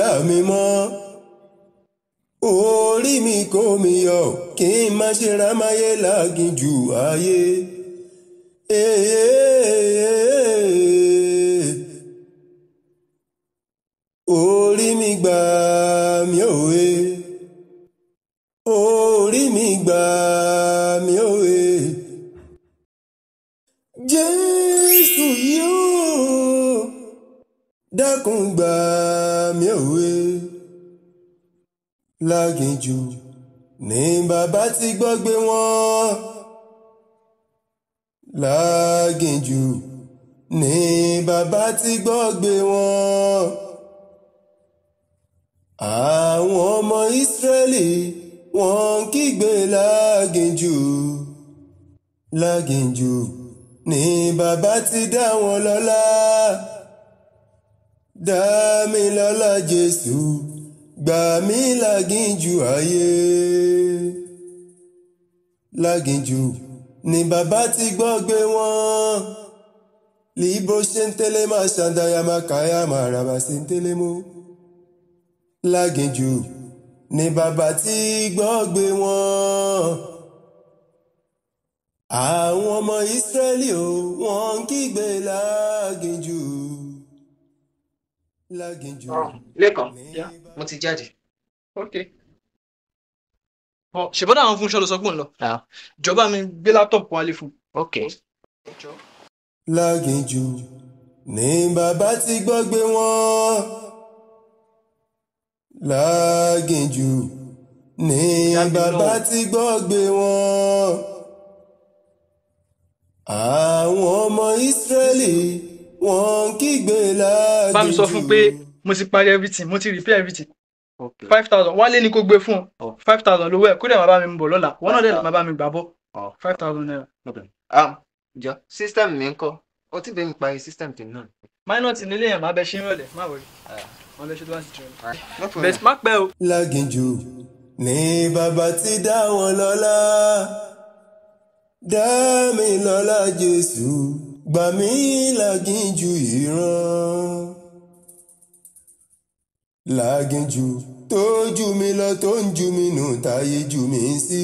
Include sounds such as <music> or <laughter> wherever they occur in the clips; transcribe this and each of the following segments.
I mean, more. ní bàbá ti gbọ́gbé wọn lágìnjù ní bàbá ti gbọ́gbé wọn àwọn ọmọ ìsírẹ́lì wọ́n ń kígbe lágìnjù lágìnjù ní bàbá ti dá wọn lọ́lá dá mi lọ́lá Jésù gbà mí láginjù ayé láginjù ni bàbá ti gbọ́gbé wọn libo ṣe ń tẹ́lẹ̀ máa ṣàdáyà máa káyà máa ràbà ṣe ń tẹ́lẹ̀ mú láginjù ni bàbá ti gbọ́gbé wọn àwọn ọmọ ìsírẹ́lì ò wọ́n ń kígbe láginjù láginjù. Oh, lẹ́kọ̀ọ́ mo ti jáde. okay. ṣùgbọ́n àwọn fúnṣọ́ ló sọ pé òun lọ. Ah. ìjọba mi gbé látọ̀pù wálé fún. okay. láginjù ni bàbá ti gbọ́gbé wọn láginjù ni bàbá ti gbọ́gbé wọn àwọn ọmọ ìsírẹ́lì wọ́n kígbe láginjù. bá mi sọ fún pé mo ti parí everything mo ti repair everything five thousand wálé ni kò gbé fún ọ oh. five thousand lówó ẹ kó dẹ̀ máa bá mi bọ̀ lọ́la wọn náà dẹ̀ máa bá mi gbà bọ̀ oh. five thousand naira. Um, jọ system mi ń kọ o ti bẹ mi parí system tèmi náà. minor ti nílé yẹn máa bẹ ṣe ń rọlẹ̀ má wọlé wọn lè ṣe tó bá ti jẹun. bẹ́ẹ̀ má pẹ́ o. láginjù ni bàbá ti dá wọn lọ́lá dá mi lọ́lá Jésù gbà mí láginjù ìran láginjù tó jù mí lọ tó ń jù mí nù táyé jù mí sí.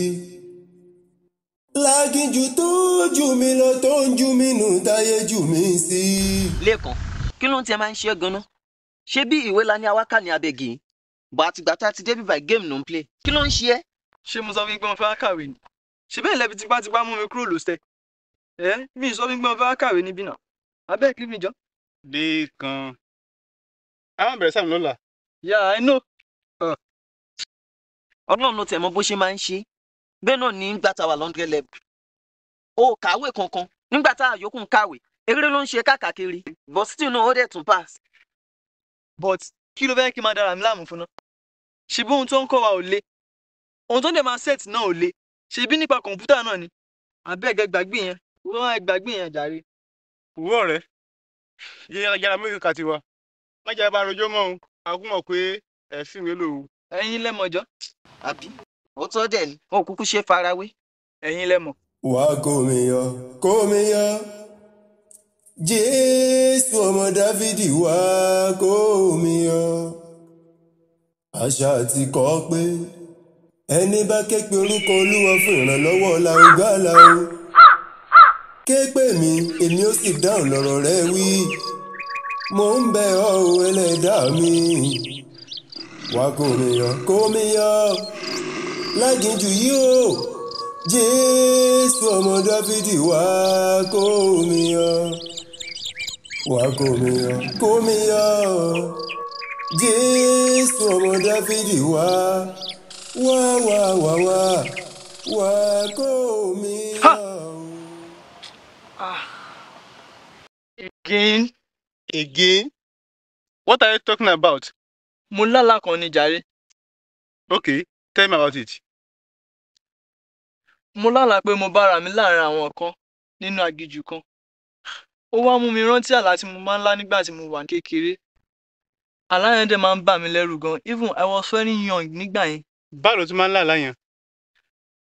láginjù tó jù mí lọ tó ń jù mí nù táyé jù mí sí. lẹ́kàn kí ló ń tiẹ̀ máa ń ṣe gan-an ṣé bí ìwé la ní awáká ní abẹ́gi bọ̀ àtìgbà tá a ti débi by game ló ń play kí ló ń ṣe ẹ́. ṣé mo sọ fún gbọ́n fẹ́ kàwé ni ṣé bẹ́ẹ̀ lẹ́bi tipátipá mú mi kúrò lọ́sẹ̀ ẹ́ mi sọ fún gbọ́n fẹ́ kàwé níbí náà abẹ́ kí mi jọ. lẹ́ẹ̀kan àwọn bẹ̀rẹ̀ sáà yeah i know ọlọ́run ló tẹ̀ mọ́ bó ṣe máa ń ṣe bẹ́ẹ̀ náà ní gbàtà wà lọ́ndẹ̀ lẹ́bù ó kàwé kankan nígbà tá àyókù ń kàwé eré ló ń ṣe káàkiri but still no ó dẹ̀ tún pass. but kí ló fẹ́ kí n máa dára mi láàmú fún ná ṣebí ohun tó ń kọ́ wa ò le ohun tó ń dẹ̀ máa set náà ò le ṣebí nípa kọ̀ǹpútà náà ni àbẹ́ẹ̀gẹ́ gbàgbé yẹn wọ́n máa gbàgbé yẹn jàre. òwúrọ̀ rẹ̀ yẹ́yẹ́ yàrá mẹ́rin kàtiwa má jẹ́ bá rojọ́ mọ́ o agún mọ̀ pé ẹ̀sìn mi lòun. ẹ̀yin lẹ́mọ̀jọ́ àbí òótọ́ dẹ̀ ni wọn ò kúkú ṣe farawé ẹ̀yin lẹ́mọ̀. wà á kó mi yọ kó mi yọ jésù ọmọ dáfídì wà á kó mi yọ àṣà ti kọ́ pé ẹni bá ké pe orúkọ olúwa fún ìrànlọ́wọ́ làwọn gbà làwọn ké èmi ó sì dáhùn lọ́rọ̀ rẹ wí mo ń bẹ̀ ọ́ o ẹlẹ́dàá mi wá kó mi yọ kó mi yọ láginjù yìí o jésù ọmọ dáfídì wá kó mi yọ wá kó mi yọ kó mi yọ jésù ọmọ dáfídì wá wá wá wá wá wá kó mi yọ. Ah. Again. Again? What are you talking about? Mo lálàá kan ni jàre. Okay, tell me about it. Mo lálàá pé mo bára mi láàrin àwọn kan nínú aginjù kan. Ó wá mú mi rántí àlá tí mo máa ń lá nígbà tí mo wà kékeré. Àlá yẹn dẹ̀ máa ń bà mí lẹ́rù gan. Even I was very young nígbà yẹn. Báwo ló ti máa ń lá àlá yẹn?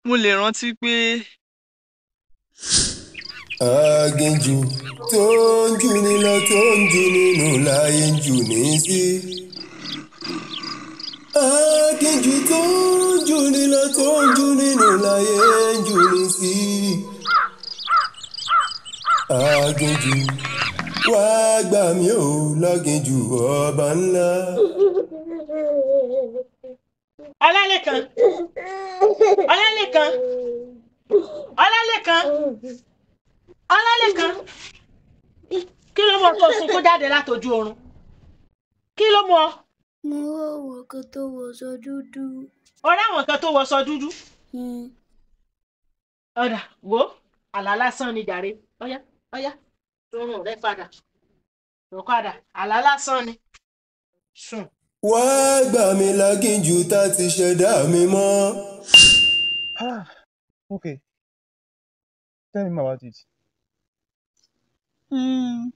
Mo lè rántí pé aginjù tó ń jù ní lọ tó ń jù nínú láyé ń jù ní sí. aginjù tó ń jù ní lọ tó ń jù nínú láyé ń jù ní sí. aginjù wá gbà mí ò láginjù ọba ńlá. ọlálẹ́kan ọlálẹ́kan ọlálẹ́kan ọlọ́lẹ̀ kan kí ló mọ kó sunkún jáde látọjú oorun kí ló mọ. mo rò wọ́n kan tó wọṣọ dúdú. ọ̀rẹ́ àwọn kan tó wọṣọ dúdú. Hmm. ọ̀dà wo àlá lásán ni jàre ọ̀yá ọ̀yá oorun rẹ padà rọ̀padà àlá lásán ni wá gbà mí lágìnjù tá ti ṣẹ̀dá mi mọ́. ah okay tell me about it um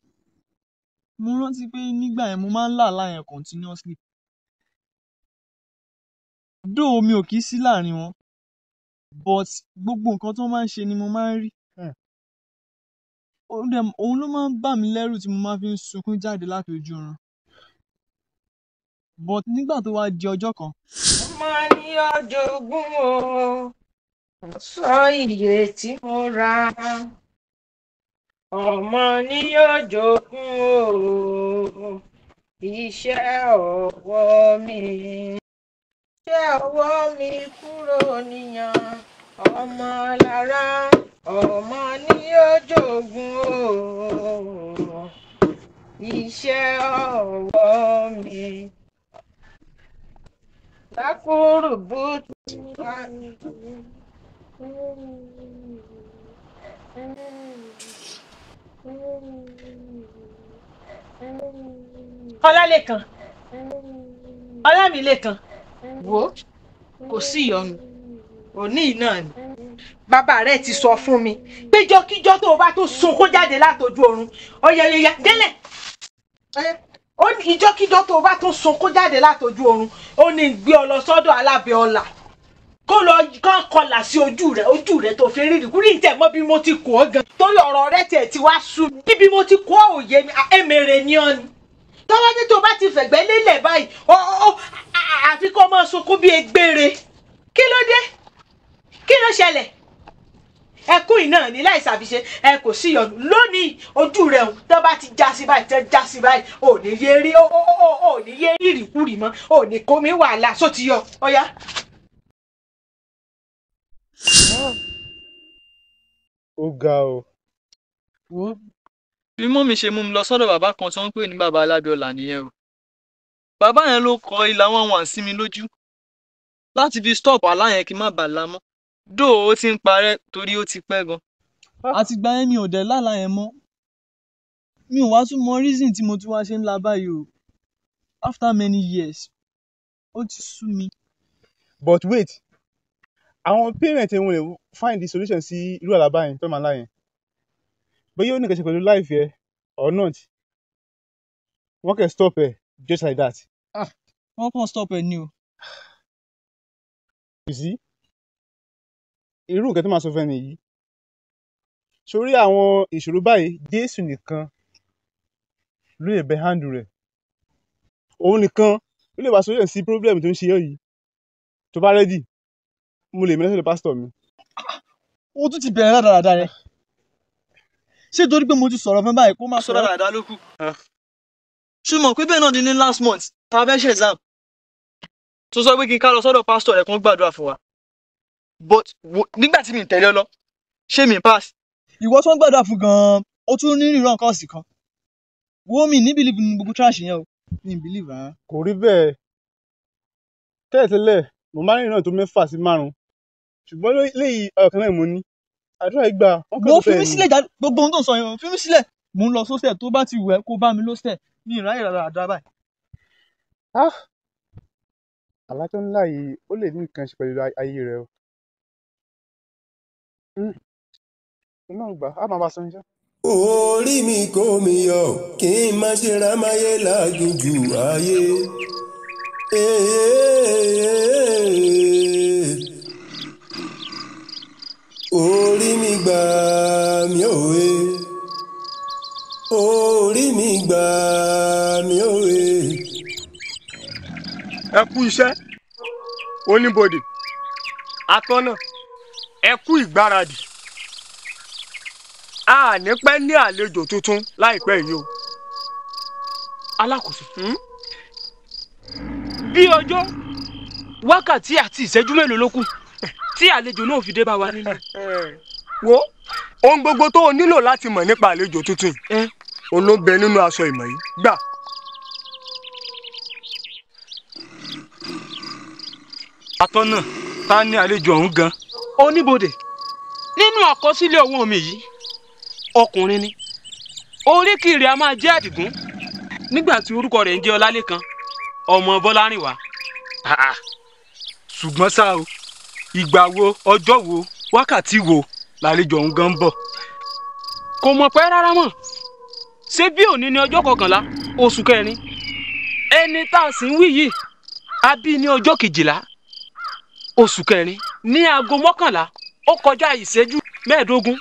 mo rántí pé nígbà yẹn mo máa ń lá àlá yẹn continuously. Though mi ò kí sí láàrin wọn, but gbogbo nǹkan tí wọ́n máa ń ṣe ni mo máa ń rí. Hmm. Òun ló máa ń bà mí lẹ́rù tí mo máa ń fi sunkún jáde láti ojú orun. But nígbà tó wá di ọjọ́ kan. Ọmọ ní ọjọ́ ogún o, sọ iye tí mo ra ọmọ ni yóò jogún o iṣẹ́ ọwọ́ mi iṣẹ́ ọwọ́ mi kúrò níyàn ọmọ lára ọmọ ni yóò jogún o iṣẹ́ ọwọ́ mi lákùrùbù tó Ọlálékan Ọlámilékan wo kò sí ìyọnu òní náà ni bàbá rẹ ti sọ fún mi péjọkíjọ tó o bá tó sunkún jáde látọjú oorun ọyẹyẹyẹ délẹ̀ ìjọkíjọ tó o bá tó sunkún jáde látọjú oorun ó ní gbé ọ lọ sọ́dọ̀ alábẹ́ kó lọ kán kọlà sí ojú rẹ ojú rẹ tó fi rírì kúrì tẹ mọ bí mo ti kó ọ gan. torí ọ̀rọ̀ rẹ tẹ̀ ti wá sú mi bíbí mo ti kó òye mi ẹ̀mẹ̀rẹ̀ ni ọ ni. tọ́wọ́ ní tó bá ti fẹ̀gbẹ́ lélẹ̀ báyìí àfi kó máa sunkún bí egbére kí ló dé kí ló ṣẹlẹ̀ ẹkún iná ni láì ṣàfiṣe ẹ kò sí ìyọnu lónìí ojú rẹ ò tó bá ti já sí báyìí tó já sí báyìí ò ní yé rí ò ní yé rí ìrìkúrì mọ́ ò ní kó mi wàhálà só ti yọ ọ̀ya ó ga o. wo bí mọ́mí ṣe mú mi lọ sọ́dọ̀ bàbá kan tó ń pè ní bàbá alábíọ́lá nìyẹn o bàbá yẹn ló kọ ilà wọn wà sí mi lójú láti fi stop àlá kí má bàa la mọ́ dóò ó ti ń parẹ́ torí ó ti pẹ́ gan. Ah. àtìgbà yẹn mi ò dẹ̀ yẹn mọ́ mi ò wá tún mọ reason tí mo tún wá ṣe ń la báyìí o after many years ó ti sú mi. but wait àwọn parent wọn lè find solution sí irú àlá báyẹn tó máa lá yẹn bóyá ó ní nǹkan ṣe life ẹ or not wọ́n kàn stop ẹ just like that. ah wọ́n kàn stop ẹ ni o. kò sí irú nǹkan tó máa sọ fẹ́ nìyí sórí àwọn ìṣòro báyìí Jésù nìkan ló lè bẹ handle rẹ̀ òun nìkan ló lè wá solution sí problem tó ń ṣe ọ́ yìí tó bá ready mo lè mẹ́lẹ́sẹ̀ lọ pásítọ̀ mi. o tún ti bẹ̀rẹ̀ rádaràda rẹ ṣé torí pé mo ti sọ̀rọ̀ fún báyìí kó máa sọ rádaràda ló kù. ṣùgbọ́n pé bẹ́ẹ̀ náà di ní last month ta fẹ́ ṣe exam tó sọ pé kí n ká lọ sọ́dọ̀ pásítọ̀ rẹ̀ kún gbàdúrà fún wa but nígbà tí mi tẹ̀lé ọ lọ ṣé mi pass. ìwọ tó ń gbàdúrà fún gan-an ó tún ní ìran kọ́ọ̀sì kan wo mi ní bìlíìfù ní gbogbo tíráṣì yẹn o mi bìlíìfù rárá. kò rí bẹ́ẹ̀ tẹ́ẹ̀tẹ́lẹ̀ mo máa ń rìnrìn tó mẹ́fà sí márùn-ún ṣùgbọ́n léyìí ọ̀kan náà mo ní àdúrà ìgbà. wo fi mí sílẹ̀ jáde gbogbo ohun tó ń sọ yẹn fi mí sílẹ̀ mò ń lọ sósẹ̀ tó bá ti wù kó bá mi lọ́sẹ̀ ní ìráyè àdúrà báyìí. Ah! àlá tó ńlá yìí ó lè ní nǹkan ṣe pẹ̀lú ayé rẹ o. iná hmm. gbà á máa bá sọ orí mi kò mi yọ kí n má ṣe ra láàgùn ju ayé. Hey, eh, eh, hey, eh, hey, hey. orí mi gbà mí òwe orí mi gbà mí òwe. ẹ kú iṣẹ́ oníbodè atọ́nà ẹ kú ìgbáradì a ní pẹ́ ní àlejò tuntun láìpẹ́ yìí o alákòóso hmm? bí ọjọ́ wákàtí àti ìṣẹ́jú mélòó ló kù tí àlejò náà fi dé bá wa nínú. <laughs> wo ohun gbogbo tó o nílò láti mọ̀ nípa àlejò tuntun yìí òun ló bẹ nínú aṣọ ìmọ̀ yìí gbà. atọ́nà ta ni àlejò ọ̀hún gan. oníbodè nínú àkọsílẹ̀ owó mi yìí ọkùnrin ni oríkì rẹ̀ a máa jẹ́ àdìgún nígbà tí orúkọ rẹ̀ ń jẹ́ ọlálékan ọmọ bọ́lárìnwá. ṣùgbọ́n ṣá o ìgbà wo ọjọ́ wo wákàtí wo làlejò ọ̀hún gan bọ̀ kò mọ̀ pẹ́ rárá mọ̀ ṣé bí òní ni ọjọ́ kọkànlá oṣù kẹrin ẹni tá a sì ń wí yìí a bí ní ọjọ́ kejìlá oṣù kẹrin ní aago mọ́kànlá ó kọjá ìṣẹ́jú mẹ́ẹ̀ẹ́dógún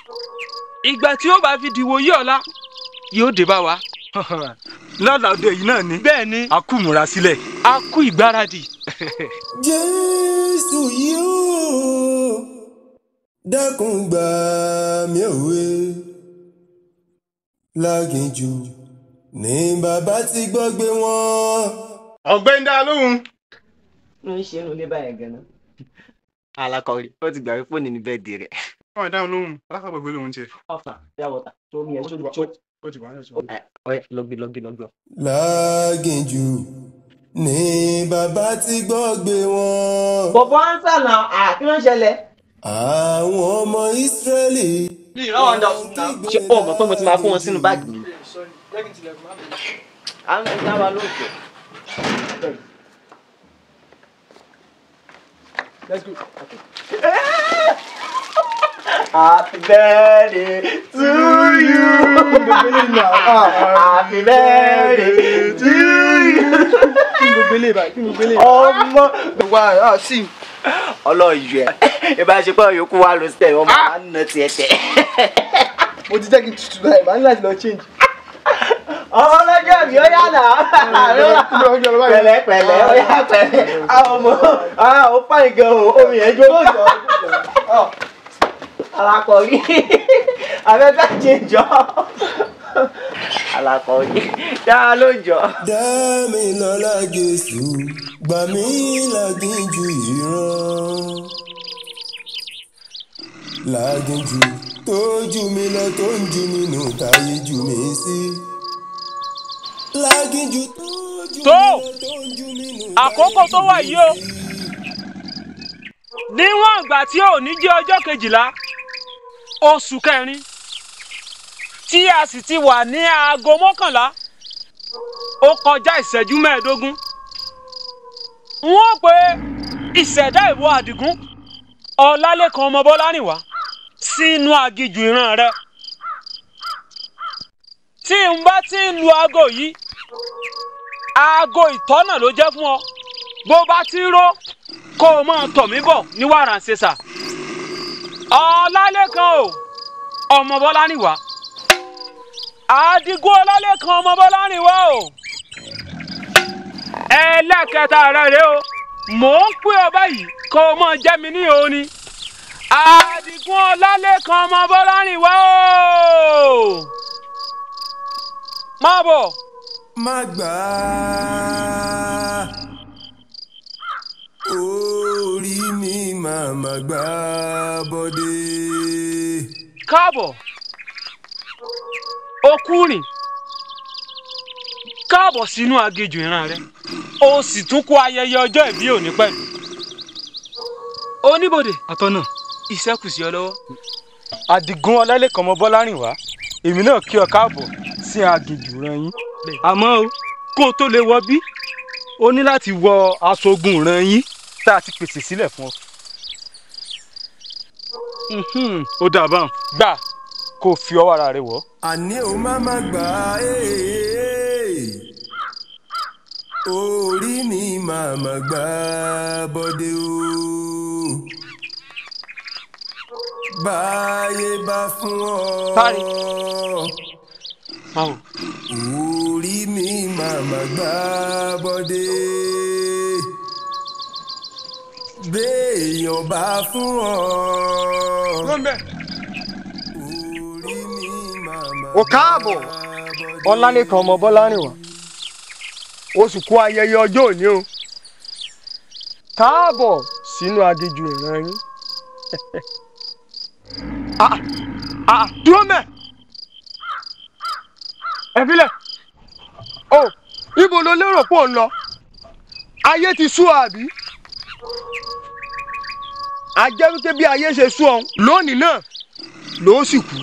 ìgbà tí ó bá fi dìwòye ọ̀la yóò dé bá wa lọ́dọọdọ <laughs> yìí náà ni. bẹ́ẹ̀ ni. a kú múra sílẹ̀. a kú ìgbáradì. <laughs> jésù yìí ó dákun gbà mí òwe láginjù ni bàbá ti gbọ́ gbé wọn. ọ̀gbẹ́ni dá lóhùn. ló ń ṣe irun lé báyìí gan-an. alakọrin ó ti gbàgbé fóònù ní bẹ́ẹ̀ di rẹ̀. ọ̀dà lóhùn alákọ̀ọ́gbẹ̀gbẹ̀ lóhùn tiẹ̀. ọ̀fà yà wọ̀tà tó mi ẹ̀ tó Lágìnjù ni bàbá ti gbọ́gbé wọn. Bọ̀bọ̀ ánsà náà àti wọ́n ṣẹlẹ̀. Àwọn ọmọ Ísírẹ́lì. Mi ìrànwọ́ ọ̀dọ̀ ṣe pọ̀ mọ̀ pé mo ti máa kó wọn sínú báàgì mi. À ń gbé wa lóòjọ́. Let's go. Okay. Happy birthday to you. Happy birthday to you. Ọmọ wa ah, sí ọlọ́yọ̀ ẹ̀ ìbáṣepọ̀ yòókù wa ló sẹ̀ ọmọ wa nà tiẹ̀ tẹ̀. Mo ti jẹ́ kí tutù báyìí, màá ní láti lọ change ọlọ́jọ́ mi ó yà náà pẹ̀lẹ́ pẹ̀lẹ́ ó yà pẹ̀lẹ́ àwọn ah, ọmọ ah, ó pàǹgẹ̀ omi ẹ̀ jó alakọ̀rí abẹ́ká <laughs> ṣe jọ alakọ̀rí dá ló jọ. dá mi lọ́lá Jésù gbà mí lágìnjù ìran lágìnjù tó lọ tó ń jù mí nù táyé jù mí sí lágìnjù tó jù lọ tó ń jù mí nù táyé jù mí sí. àkókò tó wà yìí o níwọ̀n ìgbà tí ò ní jẹ́ ọjọ́ kejìlá oṣù kẹrin tí a sì ti wà ní aago mọ́kànlá ó kọjá ìṣẹ́jú mẹ́ẹ̀ẹ́dógún wọ́n pe ìṣẹ̀dá ìwọ àdìgún ọlálẹ́kan ọmọ bọ́lárìnwá sínú agijù ìran rẹ tí n bá ti ń lu aago yìí aago ìtọ́nà ló jẹ́ fún ọ bó bá ti ń ró kó o máa tọ̀ mí bọ̀ ní wàrà ọlálẹ́kan o ọmọ Bọ́láníwà àdìgún ọlálẹ́kan ọmọ Bọ́láníwà o ẹlẹ́kẹta rẹ rẹ o mò ń pè ọ báyìí kó o mọ jẹ́ mi ní òní àdìgún ọlálẹ́kan ọmọ Bọ́láníwà o má bọ̀. má gbà màmá gbá bọ́dé. káàbọ̀ o kú rìn káàbọ̀ sínú agejò ìran rẹ o sì tún kó ayẹyẹ ọjọ́ ìbí òní pẹ̀lú oníbòde àtọ̀nà iṣẹ́ kù sí ọ lọ́wọ́. àdìgún ọlálẹ́kan ọmọ bọ́lárìn wá èmi náà kí ọ káàbọ̀ sí agejò ìran yín àmọ́ o kó o tó lè wọ bí o ní láti wọ aṣọ ogun ìran yín tá a ti pèsè sílẹ̀ fún ọ. Hmm, ó dà bá wọn. gbà kó fi ọwọ́ ara rẹ wọ̀. àní o máa ma gbà eh, eh. orí ni màá ma gbà bọ́dé o. báyé bá fún ọ. sáré orí mi màá ma gbà bọ́dé béèyàn bá fún ọ nbẹ. o káàbọ̀ ọlálẹ́kan ọmọ bọ́lárìnwá oṣù kú ayẹyẹ ọjọ́ òní o káàbọ̀ sínú aginjù ìran yín. <laughs> Ah, ah, dúró mẹ́ ẹ fílẹ̀ o oh, ibo ló lérò pò ń lọ ayé ti sú àbí a jẹ́ wípé bí ayé ṣe sú ọ̀hún lónìí náà ló sì kú.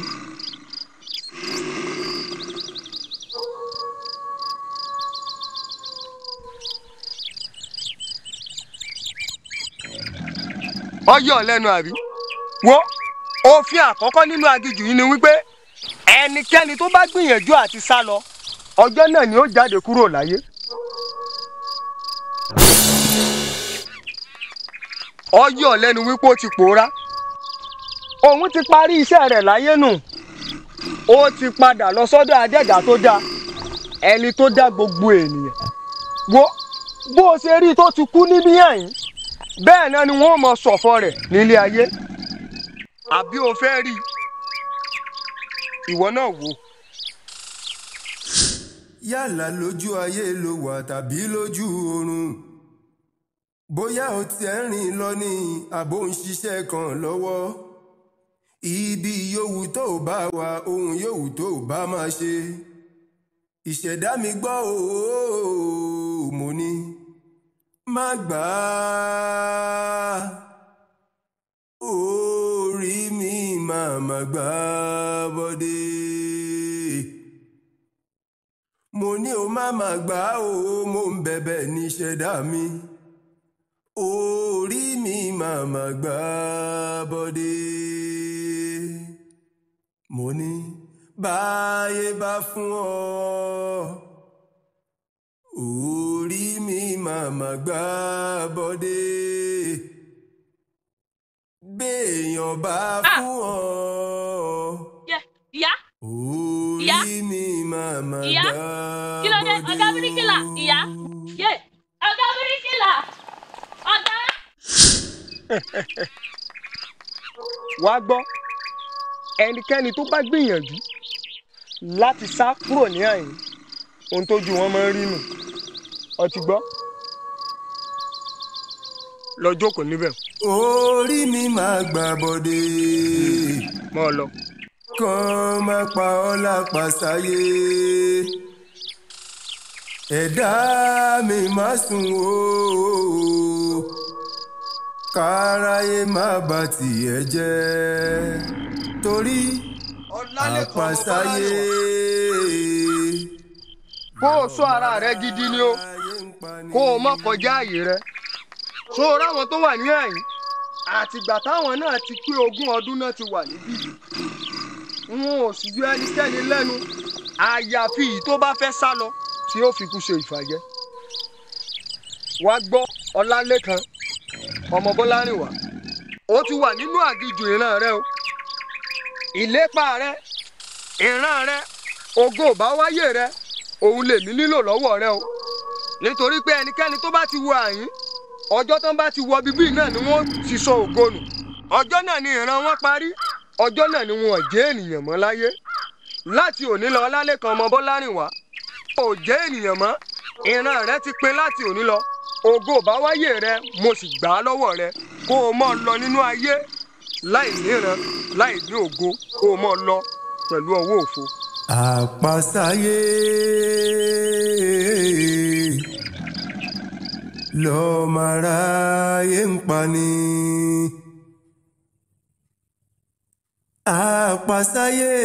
ọyọ lẹ́nu àbí wo òfin àkọ́kọ́ nínú aginjù yìí ni wípé ẹnikẹ́ni tó bá gbìyànjú àti sá lọ ọjọ́ náà ni ó jáde kúrò láyé. ọyọ lẹ́nu wípé ó ti pòórá òun ti parí iṣẹ́ rẹ̀ láyé nù ó ti padà lọ sọ́dọ̀ adẹ́gà tó dá ẹni tó dá gbogbo ènìyàn wo bó o ṣe rí i tó ti kú níbí ẹ̀yìn bẹ́ẹ̀ náà ni wọ́n mọ ṣọ̀fọ̀ rẹ̀ nílé ayé àbí o fẹ́ rí ìwọ náà wò. yálà lójú ayé ló wà tàbí lójú oorun bóyá ó tiẹ̀ ń rìn lọ ní àbò ń ṣiṣẹ́ kan lọ́wọ́ ibi yòówù tó bá wà ohun yòówù tó bá máa ṣe ìṣẹ̀dá mi gbọ́ ooo mo ní má gbà á orí mi máa má gbà á bọ́dé mo ní o má má gbà á ooo mo ń bẹ̀bẹ̀ ní ìṣẹ̀dá mi màmá gbá bọ́dé. mo ní báyé bá fún ọ orí mi màmá gbá bọ́dé. béèyàn bá ah! fún ọ. orí mi màmá gbá bọ́dé. kí ló dé ọ̀gá bíríkìlà ìyá ọ̀gá bíríkìlà wá gbọ́ ẹnikẹ́ni tó bá gbìyànjú láti sá kúrò ní àyín ohun tójú wọn máa ń rí nù ọtí gbọ́ lọ jókòó níbẹ̀. orí mi máa gbà bọ́dé. mọ́ ọ lọ. kàn máa pa ọ́ lápá sáyé ẹ̀dá mi má sùn ooo káráyé má bà tiẹ̀ jẹ́ torí àpàsáyé. kó o sọ ara rẹ gidi ni o kó o má kọjá àyè rẹ so ráwọn tó wà ní ẹ̀yìn àtìgbà táwọn náà ti pé ogún ọdún náà ti wà níbí wọn ò sì yọ ẹnikẹ́ni lẹ́nu àyàfi yìí tó bá fẹ́ sá lọ tí ó fi kú ṣe ìfàjẹ́ wàá gbọ́ Ọlálékan ọmọ Bọ́lárìnwá ó ti wà nínú àgìjù ìran rẹ o ìlépa rẹ ìran rẹ ògo ìbáwáyé rẹ òun lèmi nílò lọ́wọ́ rẹ o nítorí pé ẹnikẹ́ni tó bá ti wo àyín ọjọ́ tán bá ti wọ bíbí náà ni wọ́n ti sọ ògo nù ọjọ́ náà ni ìran wọn parí ọjọ́ náà ni wọn jẹ́ ènìyàn mọ́ láyé láti òní lọ Ọlálékan ọmọ Bọ́lárìnwá ò jẹ́ ènìyàn mọ́ ìran rẹ ti pé láti òní lọ ògo bá wáyé rẹ mo sì gbà á lọ́wọ́ rẹ kó o mọ̀ lọ nínú ayé láì níran láì ní ògo kó o mọ̀ lọ pẹ̀lú ọwọ́ òfo. àpasáyé lọ́ọ́ ń pa ni. àpasáyé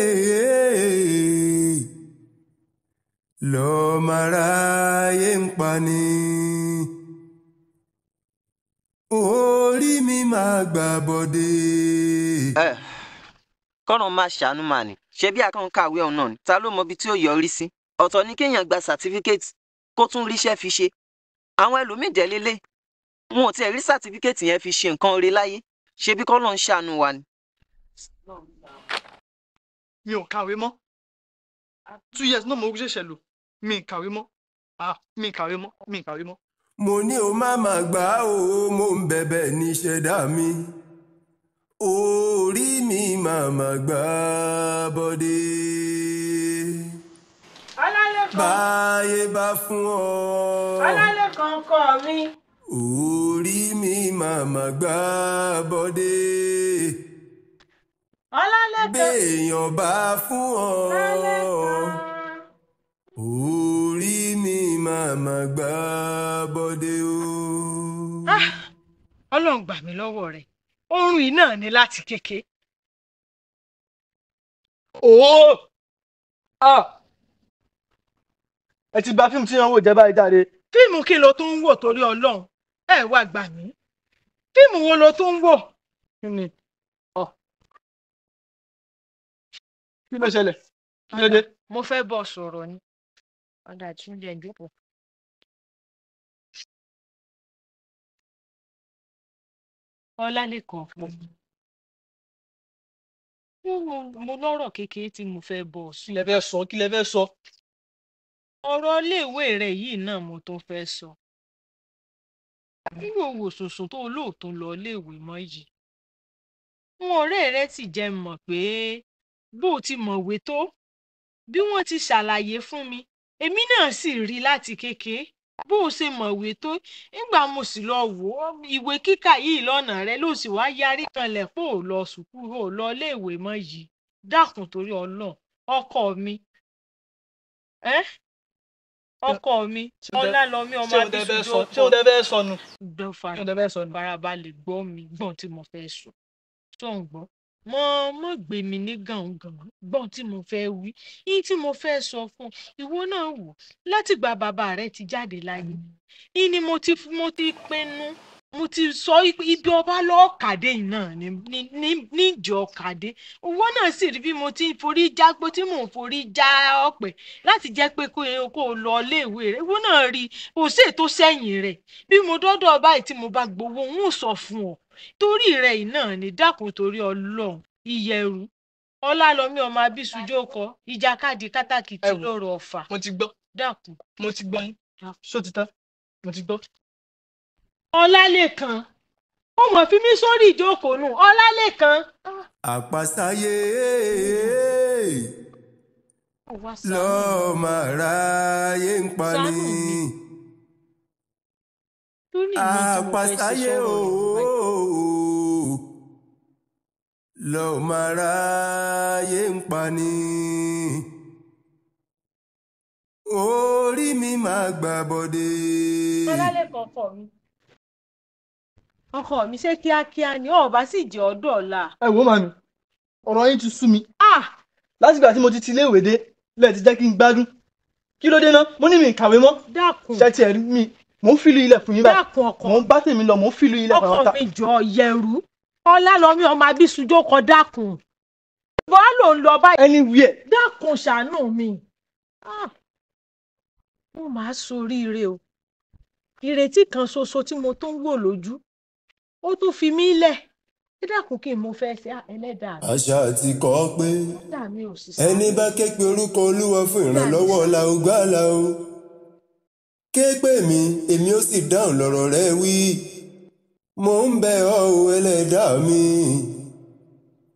lọ́ọ́ ń pa ni orí mi máa gbà bọ́dé. kọ́ràn máa ṣàánú màá ní ṣe bí akọ́n kàwé ọ̀hún náà ni ta ló mọ ibi tí ó yọrí sí ọ̀tọ̀ ni kéèyàn gba sàtífíkẹ́ẹ̀tì kó tún ríṣẹ́ fi ṣe àwọn ẹlòmíì dẹ́lélé wọn ò tiẹ̀ rí sàtífíkẹ́ẹ̀tì yẹn fi ṣe nǹkan oore láyé ṣe bí kọ́lọ́ ń ṣàánú wa ni. mi ò kàwé mọ́ two years náà mo ṣẹ̀ṣẹ̀ lò mi ì kàwé mọ́ ah, mi ì kàwé mọ́ mi ì kàwé mọ́ mo ní o má má gbà ó mo ń bẹ̀bẹ̀ ní ṣẹ̀dá mi orí mi má má gbà bọ́dé. ọlálẹ́kan báyé bá fún ọ. ọlálẹ́kan kọ́ mi. orí mi má má gbà bọ́dé. ọlálẹ́kan béèyàn bá fún ọ. ọlálẹ́kan máa máa gbá bọ́dé o. Ah, ọlọ́run gbà mí lọ́wọ́ rẹ̀ oorun yìí náà ni láti kéke. òó ẹ ti bà fíìmù tí wọ́n wò jẹ́ báyìí dáre. fíìmù kí lo tún ń wò torí ọlọ́run ẹ wá gbà mí fíìmù wo lo tún ń wò. kí ló ṣẹlẹ̀ kí ló dé. mo fẹ́ bọ̀ sọ̀rọ̀ ni anda açınca önce bu. Ọlá lè kàn fún mo lọ́rọ̀ kékeré tí mo fẹ́ bọ̀ sí. kí lẹ fẹ́ sọ kí lẹ fẹ́ sọ. ọ̀rọ̀ iléèwé rẹ̀ yìí náà mo tún fẹ́ sọ. nínú owó sùnsùn tó olóòtún lọ iléèwé mọ́ yìí. wọn ọ̀rẹ́ rẹ̀ sì jẹ́ mọ̀ pé bó o ti mọ̀wé tó bí wọ́n ti ṣàlàyé fún mi èmi náà sì rí i láti kékeré bó o ṣe mọ̀wé tó nígbà mo sì lọ wò ó ìwé kíkà yìí lọ́nà rẹ ló sì wá yarí kanlẹ̀ pé ò lọ ò lọ mọ́ yìí dákun torí ọlọ́ọ̀ ọkọ mi ọkọ mi tí mo fẹ́ sọ gbọ́ mo mo gbè mí ní gàngàn gbọ́ tí mo fẹ́ wí yín tí mo fẹ́ sọ fún ìwọ náà wò látìgbà bàbá rẹ ti jáde láyé yín ni mo ti mo ti pinnu mo ti sọ ibi ọba lọ́ọ́ kàdé náà ní ní níjọ kàdé owó náà sì rí bí mo ti ń forí já pé tí mò ń forí já ọ̀pẹ láti jẹ́ pé kó o lọ iléèwé rẹ̀ owó náà rí kò sí ètò sẹ́yìn rẹ̀ bí mo dọ́dọ̀ báyìí tí mo bá gbowó n ó sọ fún ọ torí rẹ̀ iná ni dákun torí ọlọ́run ìyẹ̀rù ọlálọ́mí ọmọ abisujókọ ìjàkadì kátàkìtì lọ́rọ̀ ọ̀fà. mo ti gbọ́ dákun. mo ti gbọ́ yín ṣó mo ti gbọ́. ọlálẹ́kan ó mọ̀ fi mí sórí ìjókòó nù ọlálẹ́kan. àpàsáyé lọ́ọ́ máa ráyé ń pa ni àpàsáyé ooo lọ́ọ́ máa ráyé ń pa ni. orí mi máa gbà bọ́dẹ̀. ọlálẹ́kọ̀ọ́ ọkọ mi ọkọ mi ṣé kíákíá ni ọba sì jẹ́ ọ̀dọ̀ ọ̀la. ẹ wo màmí ọ̀rọ̀ yín ti sú mi. Ah! látìgbà tí mo ti ti iléèwé dé lẹ́ẹ̀ ti jẹ́ kí n gbádùn kí ló dé náà mo ní mi kàwé mọ́ ṣẹ́tì ẹ̀rí mi mò ń fìlú ilẹ̀ fún yín báyìí mò ń bá tèmi lọ mò ń fìlú ilẹ̀ fún yín ọkọ mi jọ yẹrù ọlálọ́mí ọmọ abísùjọ́ kọ dákun bọ́ ló ń lọ báyìí anywhere dákun ṣàánú mi ah, mo máa soríire o ìrètí kan ṣoṣo tí mo tó ń wò lójú ó tún fi mí lẹ̀ ẹ dákun kí n mo fẹ́ ṣe ah, ẹlẹ́dàá mi. àṣà àti kọ́ pé ẹni bá ké pe orúkọ olúwa fún ìrànlọ́wọ́ ọ̀la ògbà la o ké pè mí èmi ó sì dáhùn lọ́rọ̀ rẹ wí mo ń bẹ̀ ọ́ o ẹlẹ́dà mi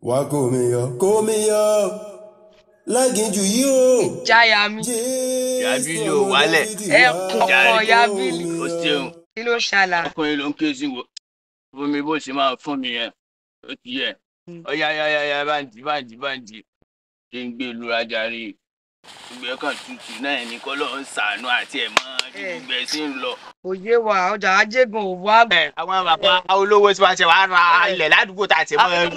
wá kó mi yọ kó mi yọ láginjù yìí o. ìjáyà mi yabili ò wálẹ̀ ẹkùn ọkọ yabili o ṣeun kí ló ṣàlà. ọkùnrin ló ń ké sí wo fún mi bó ṣe máa fún mi yẹn ó ti yẹ ọ̀yà yàyà yàyà báńdì báńdì báńdì kí n gbé lura jàre ìgbẹ́kàn tutù náà ní kọ́lọ́ ń sàánú àti ẹ̀mọ́ ìgbẹ́ eh. sí ń lọ. òye wa ọjà ajégun òwò àgbẹ̀. Eh, àwọn bàbá olówó tí wọ́n ti wá ra eh. ilẹ̀ ládùúgbò tá a ti mọ ẹrú.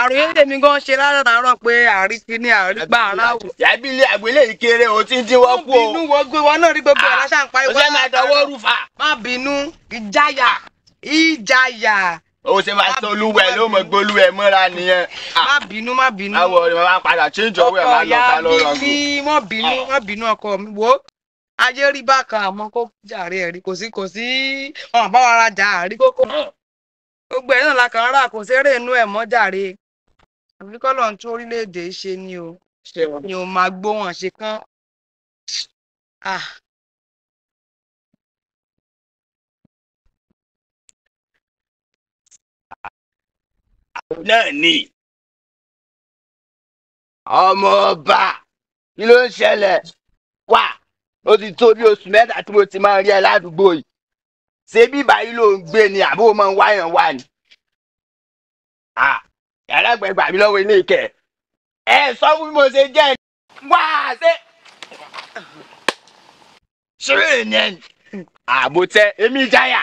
àròyé tèmi gan ṣe látàárọ̀ pé àríkí ní àrígbà aráwò. yàbílẹ̀ àgbélé ìkéré o ti ń díwọ́ kú o. bínú wọ gbé wọn náà rí gbogbo ẹ̀ láṣà ń pa ìwà. o ṣe máa dọwọ́ rúfà. má bínú ìjáyà ìjáyà o ṣe ma tán olúwa ẹ ló mọ gbólú ẹ mọ́ra nìyẹn. má bínú má bínú. àwọn ọ̀rẹ́ máa padà change ọwọ́ ẹ̀ máa lọ ta lọ́rọ̀ gùn. ọkọ ya bíbí má bínú má bínú ọkọ mi wo ayé rí bákan àmọ́ kó jàre ẹ̀rí kò sí kò sí ọ̀n bá wa jà àrí kókó. gbogbo ẹ̀ náà la kàn rà kò séré inú ẹ̀ mọ́ jàre àfikọ́ lọ́n tún orílẹ̀-èdè ṣe ni o ni o máa gbóhàn ṣe kán. Ah, náà ni. ọmọ ọba kí ló ń ṣẹlẹ̀ wá ó ti tó bí oṣù mẹ́ta tí mo ti máa rí ẹ ládùúgbò yìí ṣé bíbá yìí ló ń gbé ni àbó máa ń wáyàn wá ni. alágbègbè àbí lọ́wọ́ ilé ìkẹ́ ẹ sọ fún mi mo ṣe jẹ́ wá ṣe. ṣeré ni ẹni àbòtẹ èmi jáyà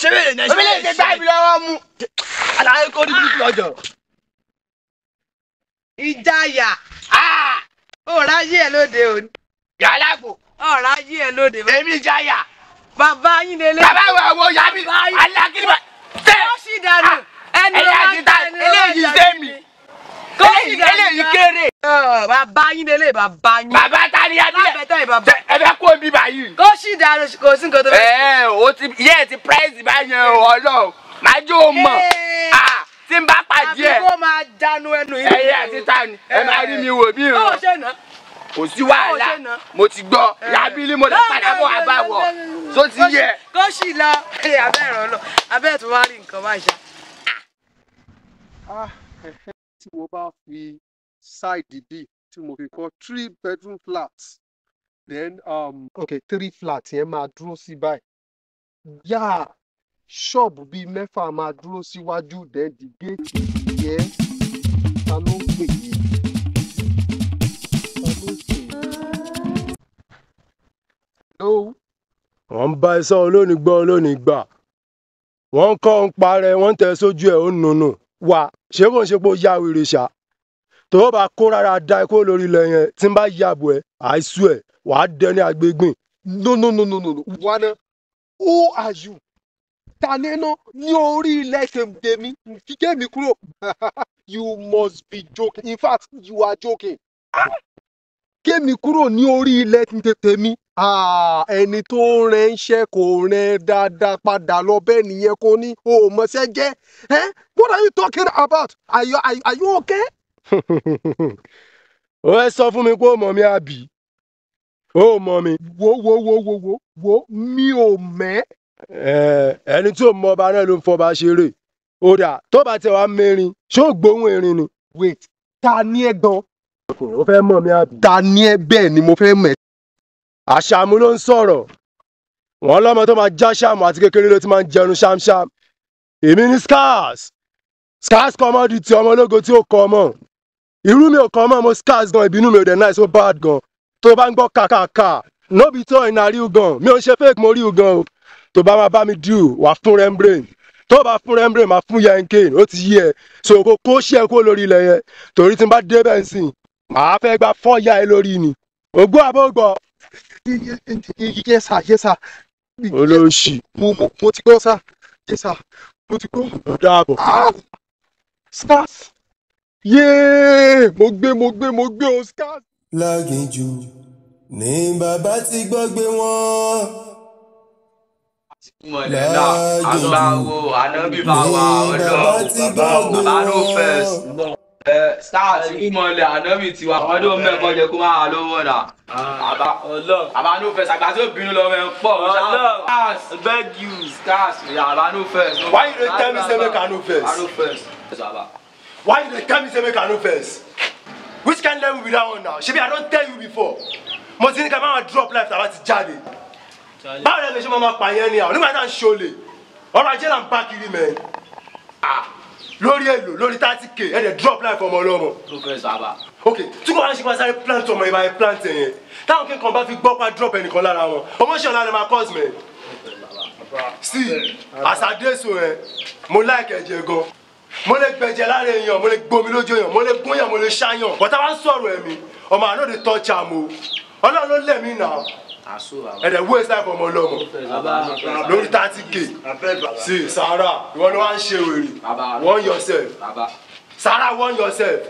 ṣé wèrè náà ṣe é ṣe. orílẹ̀-èdè gbá ibi lọ́wọ́ mu. àlàyé kò ní bíbí lọ́jọ́. ìjayà ọ̀rá ah! yí ẹ lóde òní. yàrá kò. ọ̀rá yí ẹ lóde. èmi ìjayà. bàbá yín lè lé. bàbá wo àwọn yàrá mi alákìlì bá. tẹ́ ọ sì dànù. Ah! ẹni ọ̀rá yí ẹ lóde. eléyìí dé mi eléyìí kéré. bàbá yín lélẹ̀ bàbá yín. bàbá ta ni adé. lábẹ́tẹ̀ ìbàbá. ẹ bẹ kó mi báyìí. kó sì dáa kò sí nǹkan tó fẹ́. ẹ ẹ o ti yẹ ẹ ti price báyẹn o ọlọ máa jó o mọ eh. tí n bá pàdé ẹ. àbí kó máa dánú ẹnu yìí. ẹyẹ àti ta oh, ẹ máa rí mi wò mí o. ó ṣe ná kò sí wàhálà mo ti gbọ́ eh. yabili mo lè padà bọ̀ àbáwọ̀ tó ti yẹ. kó sì lọ abẹ́ ìrànlọ́ abẹ́ tó wá rí nǹkan báyìí tí mo bá fi side b tí mo fi kọ́ three bedroom flat then um, okay three flat yẹn máa dúró sí báyìí yáà ṣọ́ọ̀bù bíi mẹ́fà máa dúró síwájú then the gate yẹn ta ló ń pè yìí. wọ́n ń bá iṣẹ́ olónìí gbọ́ olónìí gbà wọ́n ń kọ́ ń parẹ́ wọ́n ń tẹ̀ sójú ẹ̀ ó nùnù wá ṣé kò ń ṣe pé ó yá wèrè ṣá tó o bá kó rárá da ikú lórí ilẹ̀ yẹn tí n bá yàbọ̀ ẹ̀ àìsú ẹ̀ wàá dẹni àgbégbìn no no no no no wà who are you ta ni ná ní orí ilẹ̀ ṣèǹdè mi fíjẹ́ mi kúrò <laughs> you must be joking in fact you are joking kémi kúrò ní orí ilẹ̀ tètè mi ẹni tó ń rẹ ń ṣe kò rẹ dáadáa padà lọ bẹ́ẹ̀ nìyẹn kò ní o ò jẹ́ ẹ́ what are you talking about are you, are, are you okay? ó <laughs> ẹ sọ fún mi pé ó mọ̀ mi àbí ó mọ̀ mi. wo wo wo wo wo wo mi ò mẹ́. ẹni tí ò mọ ọba náà ló ń fọba ṣeré ó dà tó bá tẹ wá mẹ́rin ṣé ó gbóhùn erin ni. wait ta ni ẹ gan. o fẹ́ mọ̀ mi àbí. ta ni ẹ bẹ́ẹ̀ ni mo fẹ́ mọ̀ ẹ́ àṣàmú ló ń sọ̀rọ̀ wọ́n lọ́mọ tó máa já ṣàmù àti kékeré ló ti máa ń jẹun ṣámṣám èmi ní scars scars commodity ọmọ ológo tí ó kọ ọmọ irú mi ò kọ ọmọ mo scars gan ìbínú mi ò dẹ̀ náà so bad gan tó bá ń gbọ́ kàkàkà no be tọ́ ìnà ríu gan mi ò ń ṣe fake mo ríu gan o tó bá máa bá mi dùn wà fún rembrain tó bá fún rembrain máa fún yẹn kéèn ó ti yí ẹ so kó kó ṣe ẹ kó lórí ilẹ̀ yẹn torí tí n bá débẹ̀ ń sìn màá fẹ́ gba fọ́ ẹ lórí ni ògbó àbógbọ̀ yẹ sà yẹ sà. olóòṣì. mo mo mo ti gbọ́ sà yẹ sà mo ti gbọ́. ó dàbọ̀. Ah! scars yéé mo gbé mo gbé mo gbé o scars. láginjù ni bàbá ti gbọ́ gbé wọ́n. mọ̀lẹ́ náà àgbà wo ànábì bá wa ọ̀dọ́ bàbá ló fẹ́ sùn sáà tí kú mọ́lẹ̀ ànábì tiwa àwọn ọdún mẹ́rin kọjá kó máa lówó náà. àbá àbá ní òfẹ́ sàgbà tí obìnrin lọ rẹ̀ ń pọ̀ ṣáà beg you stars àbá ní òfẹ́. why you dey tell me say make i no first. why you dey tell me say make i no first. which kind level be that one now shebi i don tell you before mo ti ní ká máa drop life tàbá ti jáde báwo lè ṣe máa pa yẹn ni àwọn onímọ̀ náà ń ṣọlẹ̀ ọrọ̀ ajé là ń bá kiri mẹ́ lórí èlò lórí thirty k ẹ̀ dẹ̀ drop line fọmọ ọlọ́mọ. professor aba. ok tí kò wá ṣe máa sáré plant ọmọ ìbá yẹn plant yẹn táwọn kékeré bá fi gbọ́ pa drop ẹnìkan lára wọn ọmọ ṣe ọ̀la ni máa cause mẹ́. si àsàdéso ẹ mo like ẹ̀jẹ̀ gan mo lè gbẹ̀jẹ̀ lára èèyàn mo lè gbomi lójú èèyàn mo lè gúnyàn mo lè ṣáyàn bọ̀tá wá ń sọ̀rọ̀ ẹ̀mí ọmọ àná ò ẹ̀dẹ̀ wé sáì fọmọ ọlọ́mọ lórí thirty k sí sara ìwọ ni wọ́n ń ṣe wèrè one yourself sara one yourself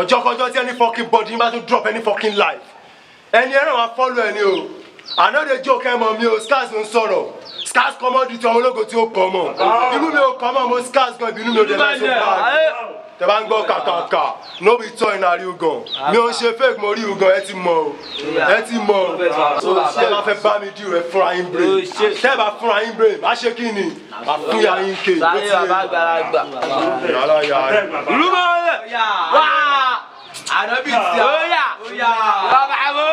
ọjọ́ kọjọ́ tí any fokin body yín bá tún drop any fokin life ẹni ẹ̀rọ máa follow ẹni o àná de jókè mọ́ mi o scars ń sọ̀rọ̀ scars kọ́mọ́ di ti ọmọ ológo tí ó inú mi ò kọ́ mọ̀ mo scars gan ìbínú mi ò dé lẹ́sùn báyìí tẹ bá ń gbọ́ kàkàkà no be tọ́ iná rí ugan mi ò ṣe fake mo rí ugan ẹ ti mọ̀ o ẹ ti mọ̀ o so ṣé ẹ bá fẹ́ bá mi dìrò ẹ fúnra yín brain oh, tẹ́ ẹ bá fúnra yín brain má ṣe kí ni má fún ya yín ké ló ti yé yàrá yàrá. lùmọ̀ ọ̀rẹ́ wá ànábì tí a óyà bàbá àbọ̀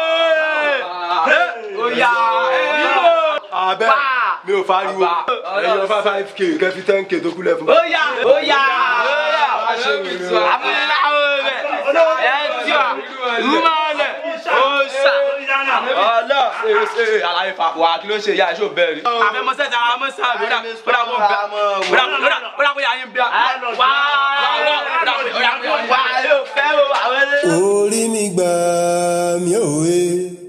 óyà ẹ̀ ẹ̀ bọ̀ mi ò fariwo ẹyọ fa five k kẹfí ten k tó kú lẹ fún mi. oya oya oya abúlá olè ẹjọ mọlẹ ọsà ọlọ alaye fa wa kí ló ṣe ya ẹṣọ bẹ́ẹ̀ rí. àfẹmọsẹ ta amọsẹ lóra lóra mo bẹ lóra lóra lóra mo yà yín bẹ wá wá wá yóò fẹ́ wo àwọn. orí mi gbà mí òwe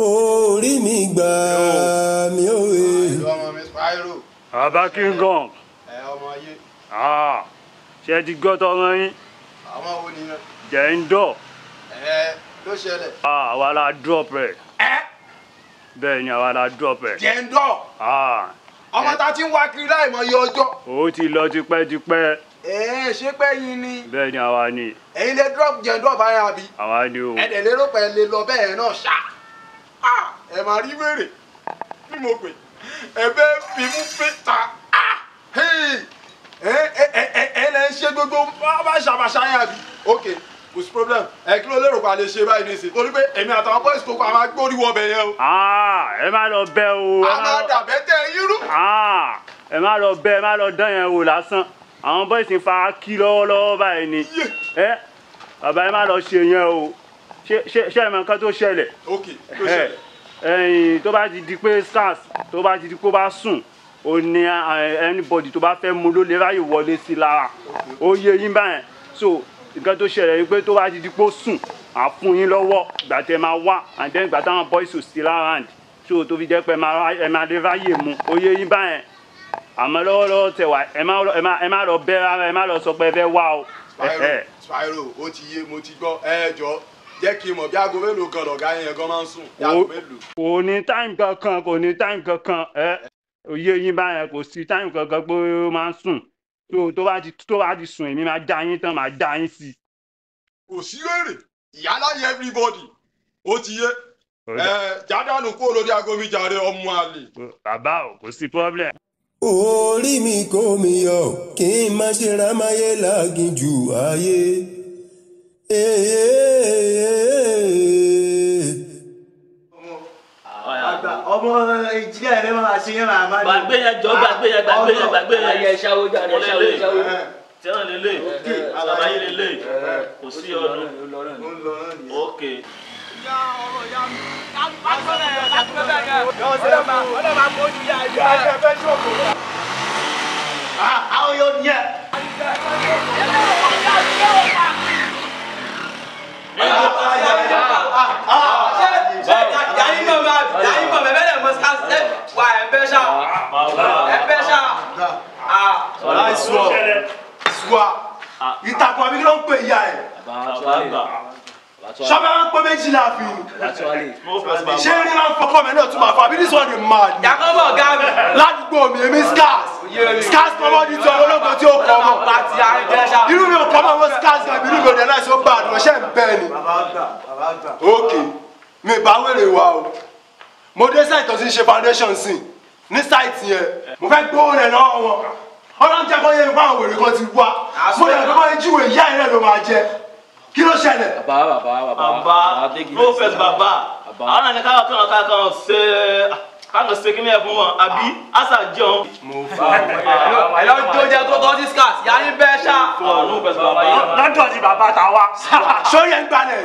orí mi gbà mí òwe. bàbá king kong. ẹ ọmọ ayé. Ah, ṣé ti gbọ́ tọmọ yín. àwọn wo ni. jẹ́ ń dọ̀. ẹ ló ṣẹlẹ̀. Ah, àwa la drop rẹ̀. ẹ. bẹ́ẹ̀ ni àwa la drop rẹ̀. jẹ́ ń dọ̀. Ah. ọmọ ta ti ń wá kiri láì mọye ọjọ́. ó ti lọ tipẹ́tipẹ́ ẹ̀ẹ́ ṣé pé yín ni. bẹ́ẹ̀ ni àwa ni. ẹ̀yin lè drop jẹ̀ drop ara bi. àwa ni o. ẹ̀dẹ̀ lérò pẹ̀ lè lọ bẹ́ẹ̀ náà ṣá ẹ máa rí wèrè bí mo pè ẹ bẹ́ẹ̀ fi mú péta ẹ lẹ ń ṣe gbogbo báṣàbáṣà yà bí ok kò sí problem ẹ kí ló lérò pa lè ṣe báyìí ní ìsìn torí pé èmi àtàwọn boys tó kọ àwọn agbóríwọ ọbẹ yẹn o. ẹ má lọ bẹ o. a máa dàbẹ́ tẹ irú. ẹ má lọ bẹ ẹ má lọ dán yẹn wò lásán àwọn boys ń fa kí lọ́wọ́lọ́wọ́ báyìí ni ẹ bàbá ẹ má lọ ṣe yẹn o ṣe ẹ̀mọ̀ nǹkan tó ṣẹlẹ̀ eh, ẹ̀yìn eh, tó bá ti di pé SARS tó bá ti di pé ó bá sùn ó ní eh, anybody tó bá fẹ́ mu ló lè ráyè wọlé sí lára ó yé yín báyẹn so nǹkan tó ṣẹlẹ̀ yìí pé tó bá ti di pé ó sùn à fún yín lọ́wọ́ ìgbà tẹ máa wá and then ìgbà táwọn boys sí lára and so tó fi jẹ́ pé ẹ máa lè ráyè mu ó yé yín báyẹn àmọ́ lọ́wọ́lọ́wọ́ tẹ̀ ẹ má lọ bẹ́ ẹ má lọ sọ pé ẹ fẹ́ wá o. Spyro Spyro ó ti yé mo ti gbọ́ ẹ jọ jẹ́ kí n mọ̀ bí aago mélòó kan lọ̀gá yẹn gan máa ń sùn bí aago mélòó. kò ní táìmù kankan kò ní táìmù kankan ẹ òye yín báyẹn kò sí táìmù kankan pé ó máa ń sùn tó bá ti tó bá ti sùn èmi máa já yín tán máa já yín sí i. kò sí wèrè ìyáláyé everybody ó ti yé ẹ jádánù kúrò lórí aago mi jàre ọmọ àlè. bàbá o kò sí problem orí mi kò mi yọ kí n má ṣe rámáyé láàgìn ju ayé ọmọ ìjìnlẹ̀ rẹ máa ṣe yẹn màmá ni. gbàgbé yẹn jọ gbàgbé yẹn gbàgbé yẹn gbàgbé yẹn. ayé ṣáwó jáde ṣáwó ṣáwó. tẹ́ràn lélẹ̀ sàbáyé lélẹ̀ kò sí ọdún. ok. àwọn yóò ní ẹ ìtakùn àbí kí ló ń pè ìyá ẹ̀ sọ́mọ́ pé méjì la fi ṣé ní máa ń fọkọ́ mi náà tún máa fọ àbí this one dey mad. yakobo ọ̀gá mi. ládùúgbò mi èmi scars oh, scars kọ́mọ́ ní tiwọn ológun tí ó kọ́ mọ́ irú mi ò kọ́ mọ́ wọ́n scars gan irú mi ò dẹ̀ náà ṣe ó bá àdúrà ṣe ń bẹ́ẹ̀ ni. ok mi bá wèrè wa o mo dé site tó ti ń ṣe foundation sí ní site yẹn mo fẹ́ gbówó rẹ̀ lọ́wọ́ wọn ọlọ́run jẹ́ kó yẹ mi fáwọn wèrè kan ti wá mo yẹ kó yẹ jíwèé yá ìrẹ́ ló máa jẹ kí ló ṣẹlẹ̀. bàbá bàbá bàbá Baba. bàbá àwọn àni káwọn tó náà káwọn ṣe káwọn ṣe kí ni ẹ fún wọn àbí àṣà ah. jẹun. mo fà wọ ẹ lọ́jọ́ jẹ́ tó tọ́ discard yà á ní bẹ́ẹ̀ ṣá. lọ́jọ́ ti bàbá ta wa sórí ẹ̀ ń gbalẹ̀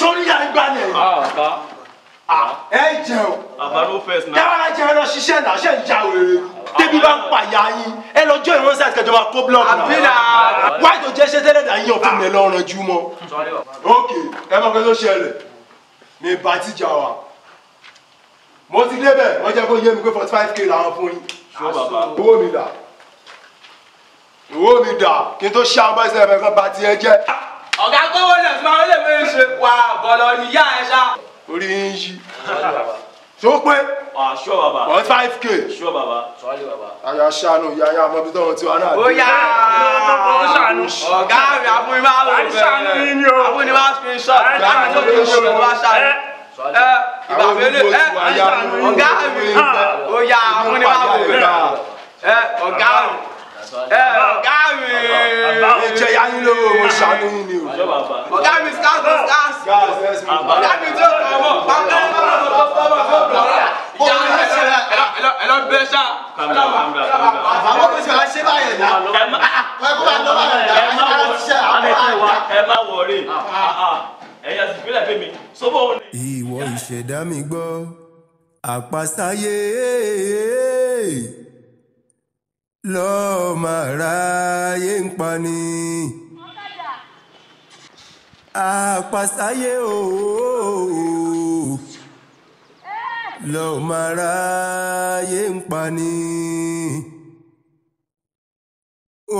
sórí ẹ̀ ń gbalẹ̀. Ah, ẹ jẹun àbárò first náà dábàá jẹun ẹ lọ ṣiṣẹ́ náà ṣe ń ja wèrè débi bá ń pàyà yín ẹ lọ jó ìránṣẹ́ àti kẹjọba kó búlọọkì náà wáyé tó jẹ́ ṣé tẹ́lẹ̀ dà yín ọ̀fun mi lọ́rùn jù mọ́ ok ẹ mọ̀ pé ló ṣẹlẹ̀ ní bàtíjà wa mo ti débẹ̀ wọ́n jẹ́ kó yé mi pé forty five k làwọn fún yín owó mi dà owó mi dà kí n tó ṣe àwọn bá ẹsẹ̀ rẹ̀ kan bá tiẹ̀ jẹ́. ọ̀gá gbọ́wọ́ náà fún wa ó lè mú iṣẹ́ wa bọ̀lọ̀ níyà ẹ̀ ṣá orí ń yí tó pé one five k àyà ṣàánú ìyá yà mọ ibi tó ń tiwa náà. ó yà ó ṣàánú ọ̀gá mi àbúrò máa wò bẹ́ẹ̀ àbúrò ni máa fi ṣọ́ọ̀tù gbà mí tó fi ṣòro wá ṣàánú ìgbà mélòó ẹ ọ̀gá mi ó yà máa wò bẹ́ẹ̀ ọ̀gá mi ẹ ọ̀gá mi mo jẹ yáyín lówó mo ṣàánú ni o ọ̀gá mi skáàsì skáàsì ọ̀gá mi tó kọ̀ pàtó ìbára tó kọ̀ mọ́ tó kọ̀ mọ́ ẹlọ bẹ ṣá. àwọn kò sí wa ṣé báyẹn dá. ẹ má wọ ah, ah. ẹ má wọ rí ẹyà sípínlẹ̀ fẹ́mi sọ́bọ̀ òní. ìwọ ìṣẹ̀dá mi gbọ́ àpàsáyé lọ́ọ̀mà ráyé ń pani àpàsáyé òòó lọ́ọ̀mà ráyé ń pani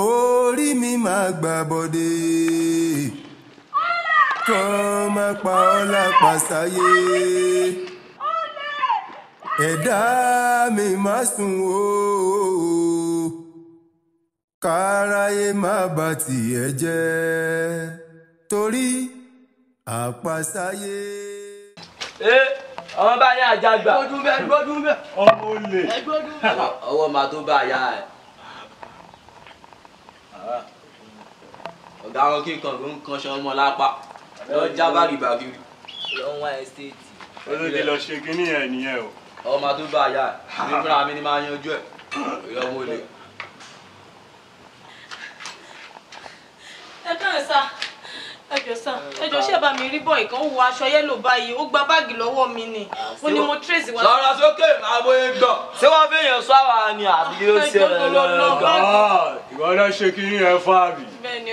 orí mi máa gbà bọ́dẹ̀ kọ́ máa pa ọ́ lápàsáyé ẹ̀dá mi má sùn o káráyé má bà tiẹ̀ jẹ́ torí àpasáyé. ẹ ọmọ bá yẹn àjàgbà gbọdún bẹ gbọdún bẹ ọmọ olè ọwọ́ máa tó bá yá ẹ. ọ̀gá wọn kíkan ló ń kanṣan ọmọ lápá lọ́ọ́ jábàrì bàgìrì. lọ́wọ́ ẹ̀ ṣéètì. olóde lọ ṣe kínní ẹ̀ nìyẹn o ọmọ tó bá yá mi fúnra mi ni máa yanjú ẹ ìyá ọmọ olè. ẹ káàrin sá ẹ jọ̀ọ́ sá ẹ ṣé bá mi rí bọ ìkan ó aṣọ yẹlò báyìí ó gba báàgì lọ́wọ́ mi ni ó ní mo trace wá. sọ̀rọ̀ sókè máa bó yẹn gbọ̀. ṣé wọ́n fi èèyàn sọ àwa ni àbí ó ṣe lọ́lọ́gàn. Ah, ìwọ ṣe kí ni ẹ fún àbí. bẹ́ẹ̀ ni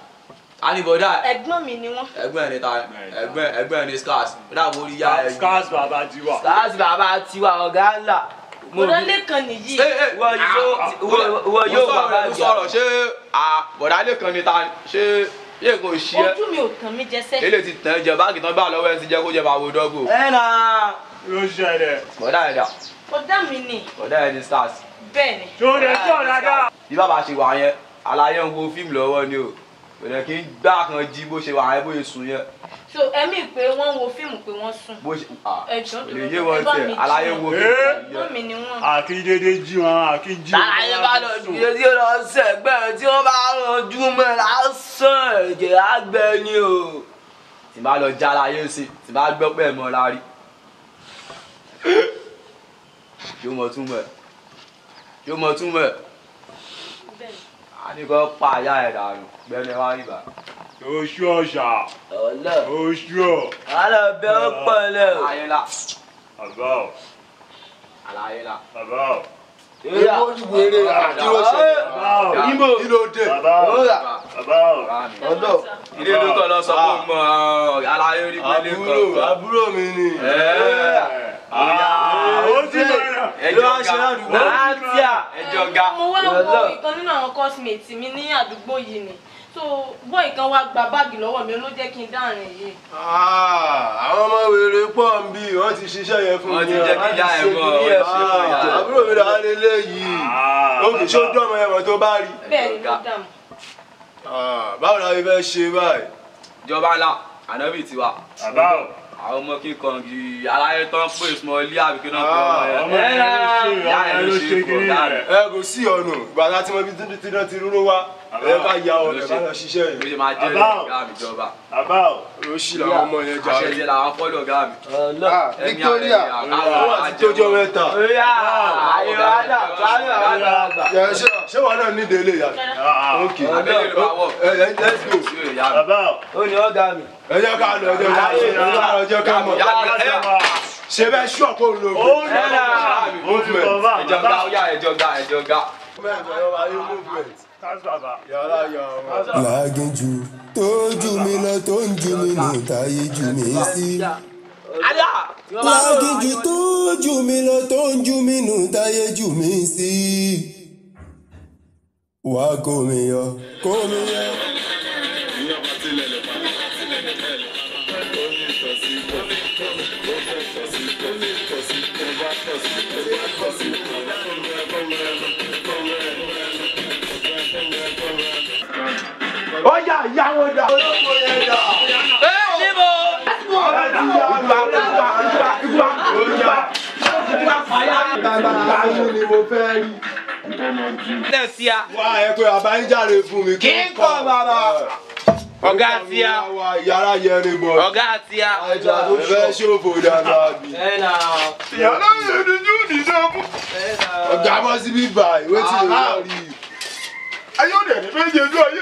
anibọdà ẹ̀gbọ́n mi ni wọn. ẹ̀gbọ́n ni ta ẹ̀gbọ́n ẹ̀gbọ́n ni scars bọdà mo rí ya ẹ̀gbọ́n. scars bàbá tiwa. scars bàbá tiwa ọ̀gá ńlá. bọdà lẹ́kan nìyí. Eh, eh, wọ yóò ah, bàbá jà. mo sọ̀rọ̀ ṣé bọdà lẹ́kan ni ta ṣé yé kò ṣí ẹ. ojú mi ò tàn mí jẹsẹ. ilé ti tàn jẹ báàgì tán bá lọ́wọ́ ẹ ti jẹ kó jẹ bá wo dọ́gbò. ẹ na ló ṣẹlẹ̀. bọdà ẹ dà. bọdà mi ni. bọdà ẹ ni scars. bẹ́ẹ̀ni. tó o lè tó o dáadáa. bí bàbá ṣe wà yẹn alayé ń wo fíìmù lọ́wọ́ ni o bẹ̀rẹ̀ kí n gbá kan jí bó ṣe wà á bó ṣe sùn yẹn. so ẹ̀mí pé wọ́n wo fíìmù pé wọ́n sùn. bó ṣe ẹ̀jọ̀ tó lọ bá mi jí aláyé wo fíìmù. mọ́ mi ni wọ́n. àkíndéédé jí wọn àkínjí. láyé bá lọ dúró tí ó lọ sẹ́gbẹ́ tí wọ́n bá ranjú mọ́ lásán ẹ̀jẹ̀ àgbẹ̀ ni o. tí bá lọ já aláyé sí tí bá gbọ́ pẹ̀ mọ́ lárí. yóò mọ̀ túmọ̀ yóò mọ̀ túmọ̀. a ní kọ́ pa àyà ẹ̀ dànù bẹ́ẹ̀ni wá ibà. oṣù ọ̀ṣà. ọ̀lọ́. oṣù ọ̀. àlọ́ bẹ ó pọ̀ lọ. àlàyé la. bàbá ọ̀. àlàyé la. bàbá ọ̀. èwo wèrè àdúró ṣe. bàbá ọ̀. ibo kí ló dé. bàbá ọ̀. bàbá ọ̀. ọ̀dọ̀. ilé ló kọ́ lọ sọ fún mọ àlàyé orí pẹ̀lú kan. àbúrò àbúrò mi ni. Ah, ó ti bẹ̀rẹ̀. ẹjọ́ ga láti à ẹjọ́ ga. mo wá wo ìkan nínú àwọn kọ́símẹ̀tì mi ní àdúgbò yìí ni so bọ́ọ̀ kan wá gba báàgì lọ́wọ́ mi ló jẹ́ kí n dáhùn yìí. Ah, àwọn ọmọ wèrè pọ̀ ń bí wọ́n ti ṣiṣẹ́ yẹn fún mi. wọ́n ti jẹ́ kí ìyá ẹ̀ mọ̀ ọ́ àbúrò mi làwọn lélẹ̀ yìí òkè ah, ṣó dọ̀mọ̀ ẹ̀ mọ̀ tó bá rí. bẹ́ẹ̀ ni mo ah, báwo la fi fẹ́ ṣe báyìí. ìjọba ńlá ànábì tiwa. àbá o àwọn ọmọ kíkan yìí aláyé tán pé ìsúnmọ́lé àbíké náà pé ọmọ yẹn ọmọ yẹn ló ṣe ọmọ yẹn ló ṣe kò dáa rẹ. ẹ kò sí ọ̀nà ìgbà tá a ti mọ tí náà ti rúró wá ẹ ká ya ọ̀rẹ́ ká lọ ṣiṣẹ́ yẹn. bíi máa jẹ́ làwọn ọmọ yẹn jà. àṣẹ ah, Victoria àwọn àti tójọ́ mẹ́ta. àyọ̀ àdà báyọ̀ àdà. ṣé wàá náà ní délé yà. Ah, ah. ok eh, eh, let's go. àbá ó ní ọ̀gá mi. ẹ jẹ́ ká lọ ẹ jẹ́ ká mọ̀ ṣe bẹ ṣú ọkọ olóògùn. ó ní ọ̀gá mi. ó ti bọ̀ bá àbá. ẹjọ́ ga ẹjọ́ ga ẹjọ́ ga láginjù tó jù mí lọ tó ń jù mí nù táyé jù mí sí. láginjù tó jù mí lọ tó ń jù mí nù táyé jù mí sí. wá kó mi yọ kó mi yọ. ọjà ìyá wọn dà. ẹ níbo. ìgbà ìgbà ìgbà ìgbà ìgbà ìgbà fàyà. bàbá àánú ni mo fẹ́ rí. náà sí a. wá ẹ pé fún mi. kí n kọ́ bàbá ọ̀gá àti a yàrá yẹrin bọ̀ ọ̀gá àti a ẹja tó fẹ́ ṣòfò dáadáa bi. yàrá yẹrin yóò ní sẹ́mu. ọ̀gá bọ́ síbí báyìí wetin ló rí. ayọ̀dẹ̀ ní méje ló ayé.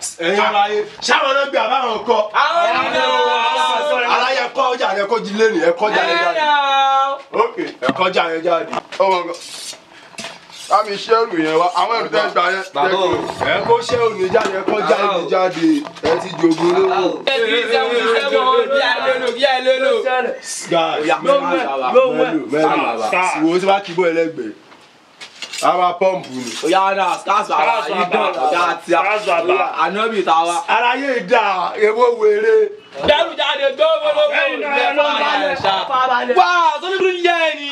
sáwọn náà gbé àbáwọn kọ aláya kọ ọjà rẹ kó di lẹ́nu ẹ kọjá rẹ jáde ẹ kọjá rẹ jáde àmì iṣẹ́ òrù yẹn wa àwọn ẹ̀rù tẹ́ gbà yẹn. bàbá o ẹ kó iṣẹ́ òní jáde ẹ kọjá ìní jáde ẹ ti jogun lówó. ẹ ti sẹ́wọ́n sẹ́wọ́n bí a lè lò bí a lè lò. mẹ́lò mẹ́lò mẹ́lò wo ti bá kí bó ẹlẹ́gbẹ̀ẹ́ ara pọ́ǹpù ni. oya na kaso ara yìí dán ọ̀dà àti ànábì tàwa. ara yìí dà ewo wèrè. dẹ́rù jáde gbọ́wọ́lọ́wọ́ lẹ́fọ̀ọ́lẹ́ ṣá. wá sọ́dún yẹ ni.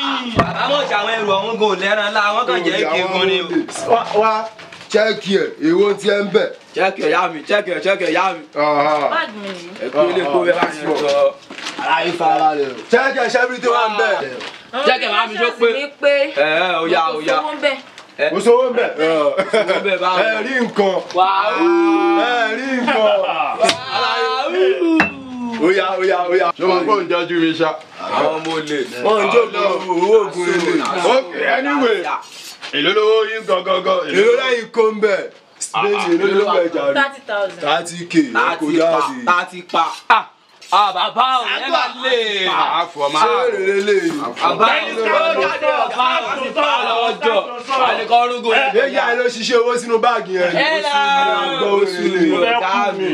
àmọ́ ah, ìṣàwọn ẹrù ọ̀hún gò lẹ́ran la wọ́n kàn jẹ́ kí egun ni o. wá chẹ́ẹ̀kì ẹ̀ èwo ti ẹ̀ ń bẹ̀. chẹ́ẹ̀kì ẹ̀ yá mi chẹ́ẹ̀kì ẹ̀ chẹ́ẹ̀kì ẹ̀ yá mi. báàgì mi ni. ẹ̀kú ilé kó bẹ́ẹ̀ bá ti sọ aláyé fara rẹ o. jẹ́kẹ̀ ṣẹ́bí tí wọ́n ń bẹ̀. jẹ́kẹ̀ máa mi jó pé ẹ̀ ó yá ó yá kò sówó ń bẹ ẹ rí nǹkan ẹ rí nǹkan oya oya oya. ṣé wọn kò ń jọjú mi ṣá. àwọn ọmọ olè. wọn ń jókòó owó ògùn ilé. ok anyway èló lówó yín gangan. èló lẹ́yìn kó ń bẹ̀ bẹ́ẹ̀ni èló ló ń bẹ̀ jàre. thirty thousand. thirty k kò dáa sí. thirty pa a bàbá o yẹn bá lè sóòrè lè bàbá o bàbá o bàbá ọjọ́ àlekọrúgò. méjì àìló ṣiṣẹ́ owó sínú báàgì yẹn ní oṣù lè dá mi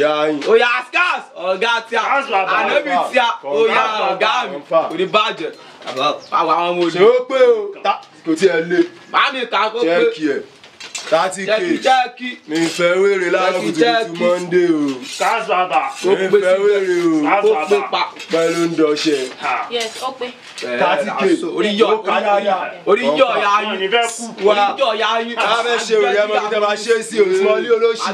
yaayin. oya scarce ọ̀gá tí a ànábì tí a oya ọ̀gá mi kò ní bàjẹ́ àwọn ọmọ òde. ṣé ó pé o kò tiẹ̀ lé. màmí kan kó pé. jẹ́ kí ẹ thirty k ní ìfẹ́ wèrè láàárọ̀ kùtùkùtù monday o ní ìfẹ́ wèrè o ó pé pa pẹ̀lú ń dọ̀ṣẹ̀. thirty k orí yọ orí yọ ya yín wa a fẹ́ ṣe òrì ẹmọ kí tẹ bá ṣe sí òrì mọ́lí olóṣì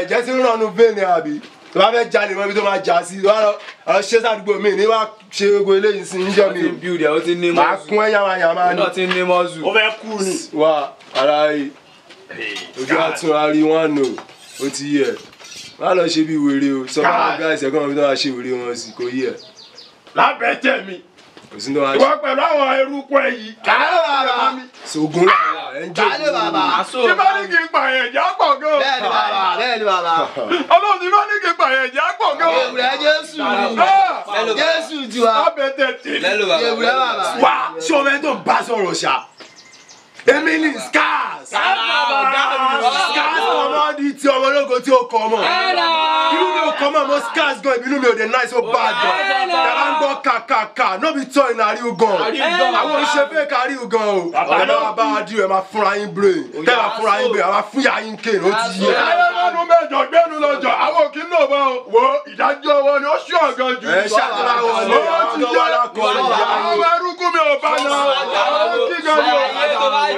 ẹ̀jẹ̀ tí ń rànú bẹ́ẹ̀ni àbí tó bá fẹ́ jalè mọ́ ibi tó máa jà sí lọ́rọ̀ ọ̀rọ̀ ṣé sàdúgbò mi ní wàá ṣe gbogbo eléyìí sí níjọ́ mi o máa kún ẹ̀yàmáyàmá ni ó fẹ́ kú ni wà ara yìí ojú àtúrárí wọn nù ó ti yẹ má lọ ṣe bí wèrè o sọ fún ọgá ìṣẹ́gun ọ̀hún tó wá ṣe wèrè wọn sì kò yẹ. lábẹ́ jẹ́ mi ìwọ pẹ̀lú àwọn eruku ẹ yìí. kàlẹ́ bàbá sògùn làwà ẹ ń jẹ́ òkú. kàlẹ́ bàbá sògùn. tí bá ní kí n pààyàn ìjà pọ̀ gan. bẹ́ẹ̀ <laughs> ni bàbá bẹ́ẹ̀ ni bàbá. ọlọ́run ti bá ní kí n pààyàn ìjà pọ̀ gan. ewúrẹ́ jésù ni ah, jésù tiwa. abẹ́tẹ̀ tèmi ewúrẹ́ bàbá. wá sọ fẹ́ tó bá sọ̀rọ̀ ṣá èmi ni scars scars ọmọ di ti ọmọ ológo tí ó kọ ọmọ inú mi ò kọ mọ mo scars gan ìbínú mi ò dé nice ó bad. gan yàrá ń gbọ́ kàkàkà no be tọ́ iná àríwú gan àwọn oṣù fẹ́ ká àríwú gan o àná wa bá wa di ẹ̀ máa fúnra yín brain oh, tẹ́ wa fúnra yín brain àwa fún yà yín kéènì ó ti yẹ. ẹlẹ́nu mẹ́jọ gbẹ́nu lọ́jọ́ àwọn òkè náà bá wo ìdájọ́ wọn ni ó ṣú ọ̀gán ju ìṣọ́ àwọn ọ̀lẹ́ àwọn ọ̀lẹ́ àwọn ẹrúkú mi ò bá náà àwọn kíkan mi ò bá náà.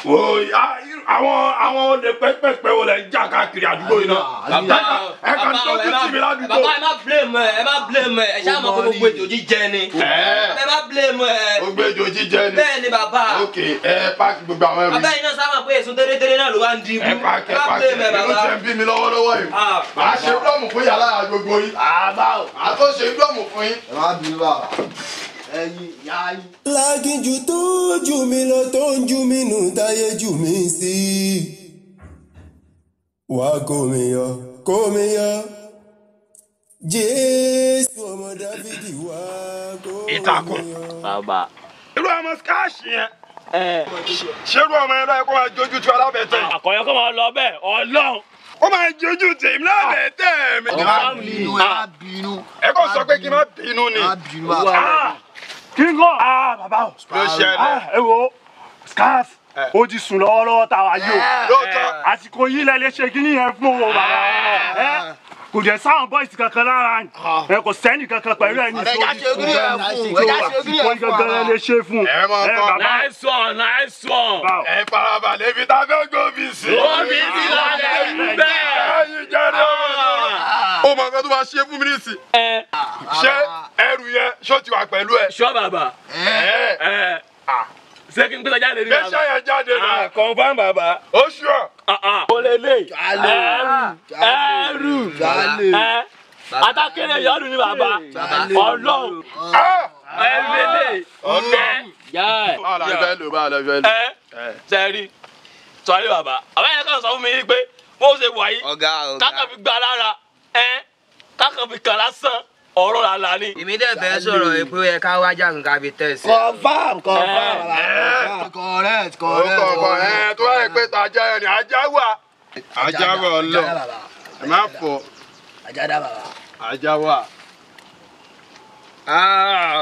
àwọn àwọn olè pẹ́pẹ́pẹ́ wo lẹ ń jà káàkiri àdúgbò yìí náà ẹ kàn tó ti tì mí ládùúgbò. bàbá ẹ má blame ẹ má blame ẹ ṣáà mọ̀ pé gbogbo èjò jíjẹ ni ẹ má blame ẹ. gbogbo èjò jíjẹ ni bẹ́ẹ̀ ni bàbá. ok ẹ páàkì gbogbo àwọn ẹrù. bàbá yìí náà sábà pé èso tẹ́lẹ̀tẹ́lẹ̀ náà ló wá ń di ibú. ẹ páàkì ẹ páàkì inú ṣe ń bí mi lọ́wọ́lọ́wọ́ yìí. Ah. màá ṣe blọ́ọ̀mù fún yàrá àgbogbo yìí. àbá o àtúnṣe blọ́ọ̀mù fún yín. ẹ má bí ẹ̀yin ìyá tó jù mí lọ tó ń jù mí nù táyé jù mí sí i wá kó mi yọ kó mi yọ jésù ọmọ dáfídì wá kó mi yọ. ìtàkùn bàbá. irú àwọn skáàṣì yẹn ṣerú ọmọ ẹ lọ́yẹ kó máa jójú tu alábẹ̀tẹ̀. àkọyọ kó máa lọ bẹ́ẹ̀ ọlọ́run. ó máa jójú tèmi lábẹ̀tẹ̀ mi. ọba mi ni wọ́n á bínú. ẹ kò sọ pé kí n má bínú ni kíngọ̀ ah bàbá o ló ṣẹlẹ̀ ah, ẹ wo scarf eh. ó ti sùn lọ́wọ́lọ́wọ́ tá a wá yìí o eh. Eh. àsìkò yìí lẹ lè ṣe kíní yẹn fún o bàbá ẹ kò dẹ̀ sáwọn bọ́ìsì kankan lára ẹ ah. kò sẹ́ni kankan pẹ̀lú ẹni tó ti sùn wọ́n gangan lè ṣe fún ẹ bàbá. nice one nice one. ẹ farabalẹ̀ ibi tá a fẹ́ gbòmìsì. gbòmìsì lọ́dẹ̀ ń bẹ́ẹ̀. ẹyin jẹ́rìí ọmọ mọ nǹkan tó máa ṣe fún mi nísì. ṣé ẹrù yẹn ṣó ti wà pẹ̀lú ẹ. ṣọ́ bàbá ṣé kí n gbé jáde ní bàbá. bẹ́sẹ̀ yẹn jáde náà. confam bàbá. ó ṣùọ́. o lè lè. ẹrù ẹrù ẹrù atakere yọrù ni bàbá Ọlọ́run ẹlẹlẹ ọdẹ yẹ ẹ sẹẹri sọrí bàbá àbáyọ kan sọ fún mi pé mo ṣe wà yìí kákan fi gbà lára ẹ kákan fi kàn lásán ọ̀rọ̀ làlà ni. èmi dẹ̀ fẹ́ sọ̀rọ̀ pé ó yẹ ká wá jàǹkà fi tẹ̀ sí. confam confam eh, eh. correct oh, correct eh, correct tó yẹ pé ajá yẹn ni ajá wà. ajá wà ọlọ ẹ má fọ. ajá dá bàbá. ajá wà.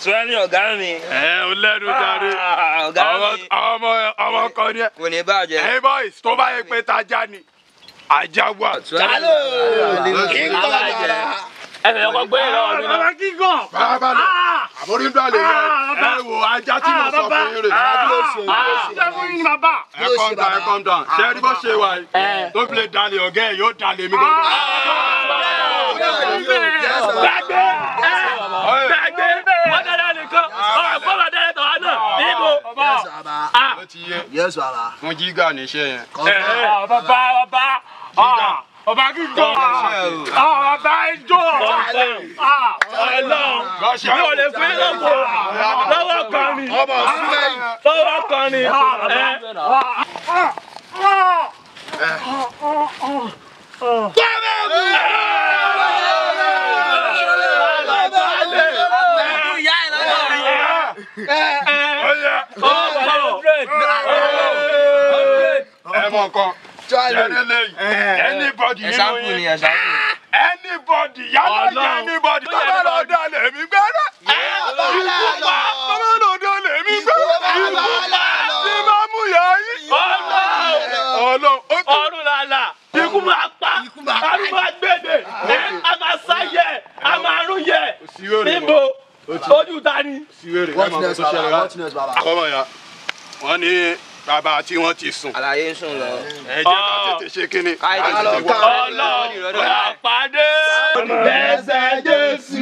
sọ́ọ́nì ah. ọ̀gá mi. ẹ o lẹ́nu jáde ah, ọmọ ọmọ ọmọ kan ni ẹ. kò ní bàjẹ́. hey boys tó bá yẹ pé tajá ni ajá wà. jalo kí n kọ́ ọ̀la. ẹ fẹ́ ọkọ gbé lọ ọdún náà. bàbá kí n kọ́. bàbá balẹ̀ àbórí ń dalè rẹ ẹ wo ah, ah, ajá tí mo sọ fún yín rè. sẹ́fún ah, yín bàbá. ẹ calm down ẹ calm down ṣé ẹ rí bó ṣe wà yìí eh. tó fi lè dalè ọ̀gá ẹ̀ yóò dalè mí gbogbo. Eh. gbàgbé gbàgbé wọ́n dára nìkan ọ̀rọ̀ fọwọ́ dára tọ̀ wá náà níbo. yẹ́sù àbá. fún jígà níṣẹ́ yẹn. Eh, bàbá bàbá ọba jíjọ ọba ijó ọlọ́run mi ò lè fún yín lọ́wọ́ lọ́wọ́ kan ni lọ́wọ́ kan ni. Gbọ́dọ̀ mi. ẹ mọ nǹkan Charlie. Eh. Anybody you know him. Anybody, yálà yẹ anybody. Bàbá lọ dá lèmi gbẹ́rẹ́. Bàbá lọ dá lèmi gbẹ́rẹ́. Ní máa mú yà yí. Ọlọ́run. Ọlọ́run lálá. Ikú máa pa. Arú máa gbèdè. A máa sáyẹ̀. A máa rún yẹ̀. Níbo? Ojú ta ni? Wọ́n ti nẹ́sì bàbá. Wọ́n ní bàbá tí wọ́n ti sùn. àlàyé ń sùn lọ. ẹ jẹ́ ká tètè ṣe kínní. káyọ̀dé ló wà ọlọ́run àpàdé. lẹ́sẹ̀ jésù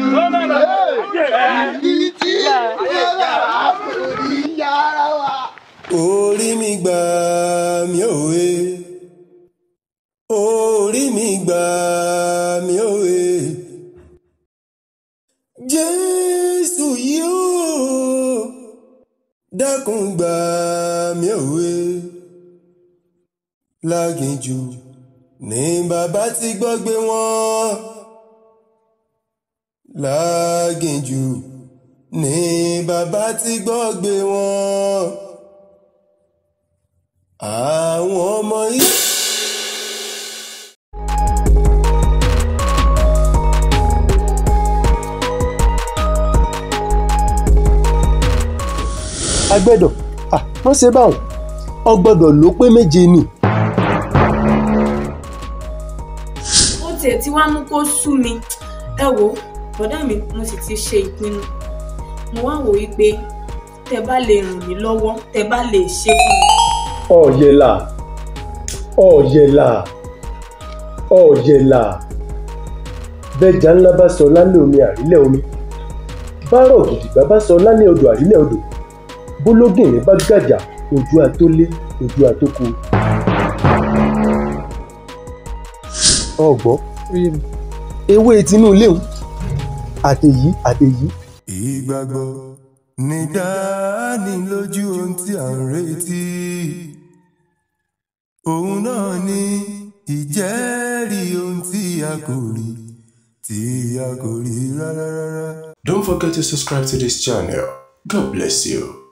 èyí tí yàrá àpòrí yàrá wa. orí mi gbà mí òwe orí mi gbà mí òwe jésù yìí ó dákun gbà mí òwe láginjù ní bàbá ti gbọ́ gbé wọn láginjù ní bàbá ti gbọ́ gbé wọn àwọn ọmọ yìí. agbẹ́dọ̀ à wọ́n ṣe báwọn ọgbọ́dọ̀ ló pé méje ni. ó tiẹ̀ tí wàá mú kó sú mi ẹ wo bọ́dá mi mo sì ti ṣe ìpinnu mo wá wò wípé tẹ bá lè ràn mí lọ́wọ́ tẹ bá lè ṣe fún mi. ọ̀yẹ̀là ọ̀yẹ̀là ọ̀yẹ̀là bẹ́ẹ̀jà ńlá bá sọ lálẹ́ omi àrílẹ̀ omi bá rọ̀ gìdìgbà bá sọ lálẹ́ odò àrílẹ̀ odò bólógìnrín bá gàjà ojú àtólé ojú àtóko. ọgbọ ewé tinú léwu àtẹ̀yí àtẹ̀yí. ìgbàgbọ́ ni dánilójú ohun tí à ń retí òun náà ni ìjẹ́rìí ohun tí a kò rí tí a kò rí rárá. Don't forget to subscribe to this channel. God bless you.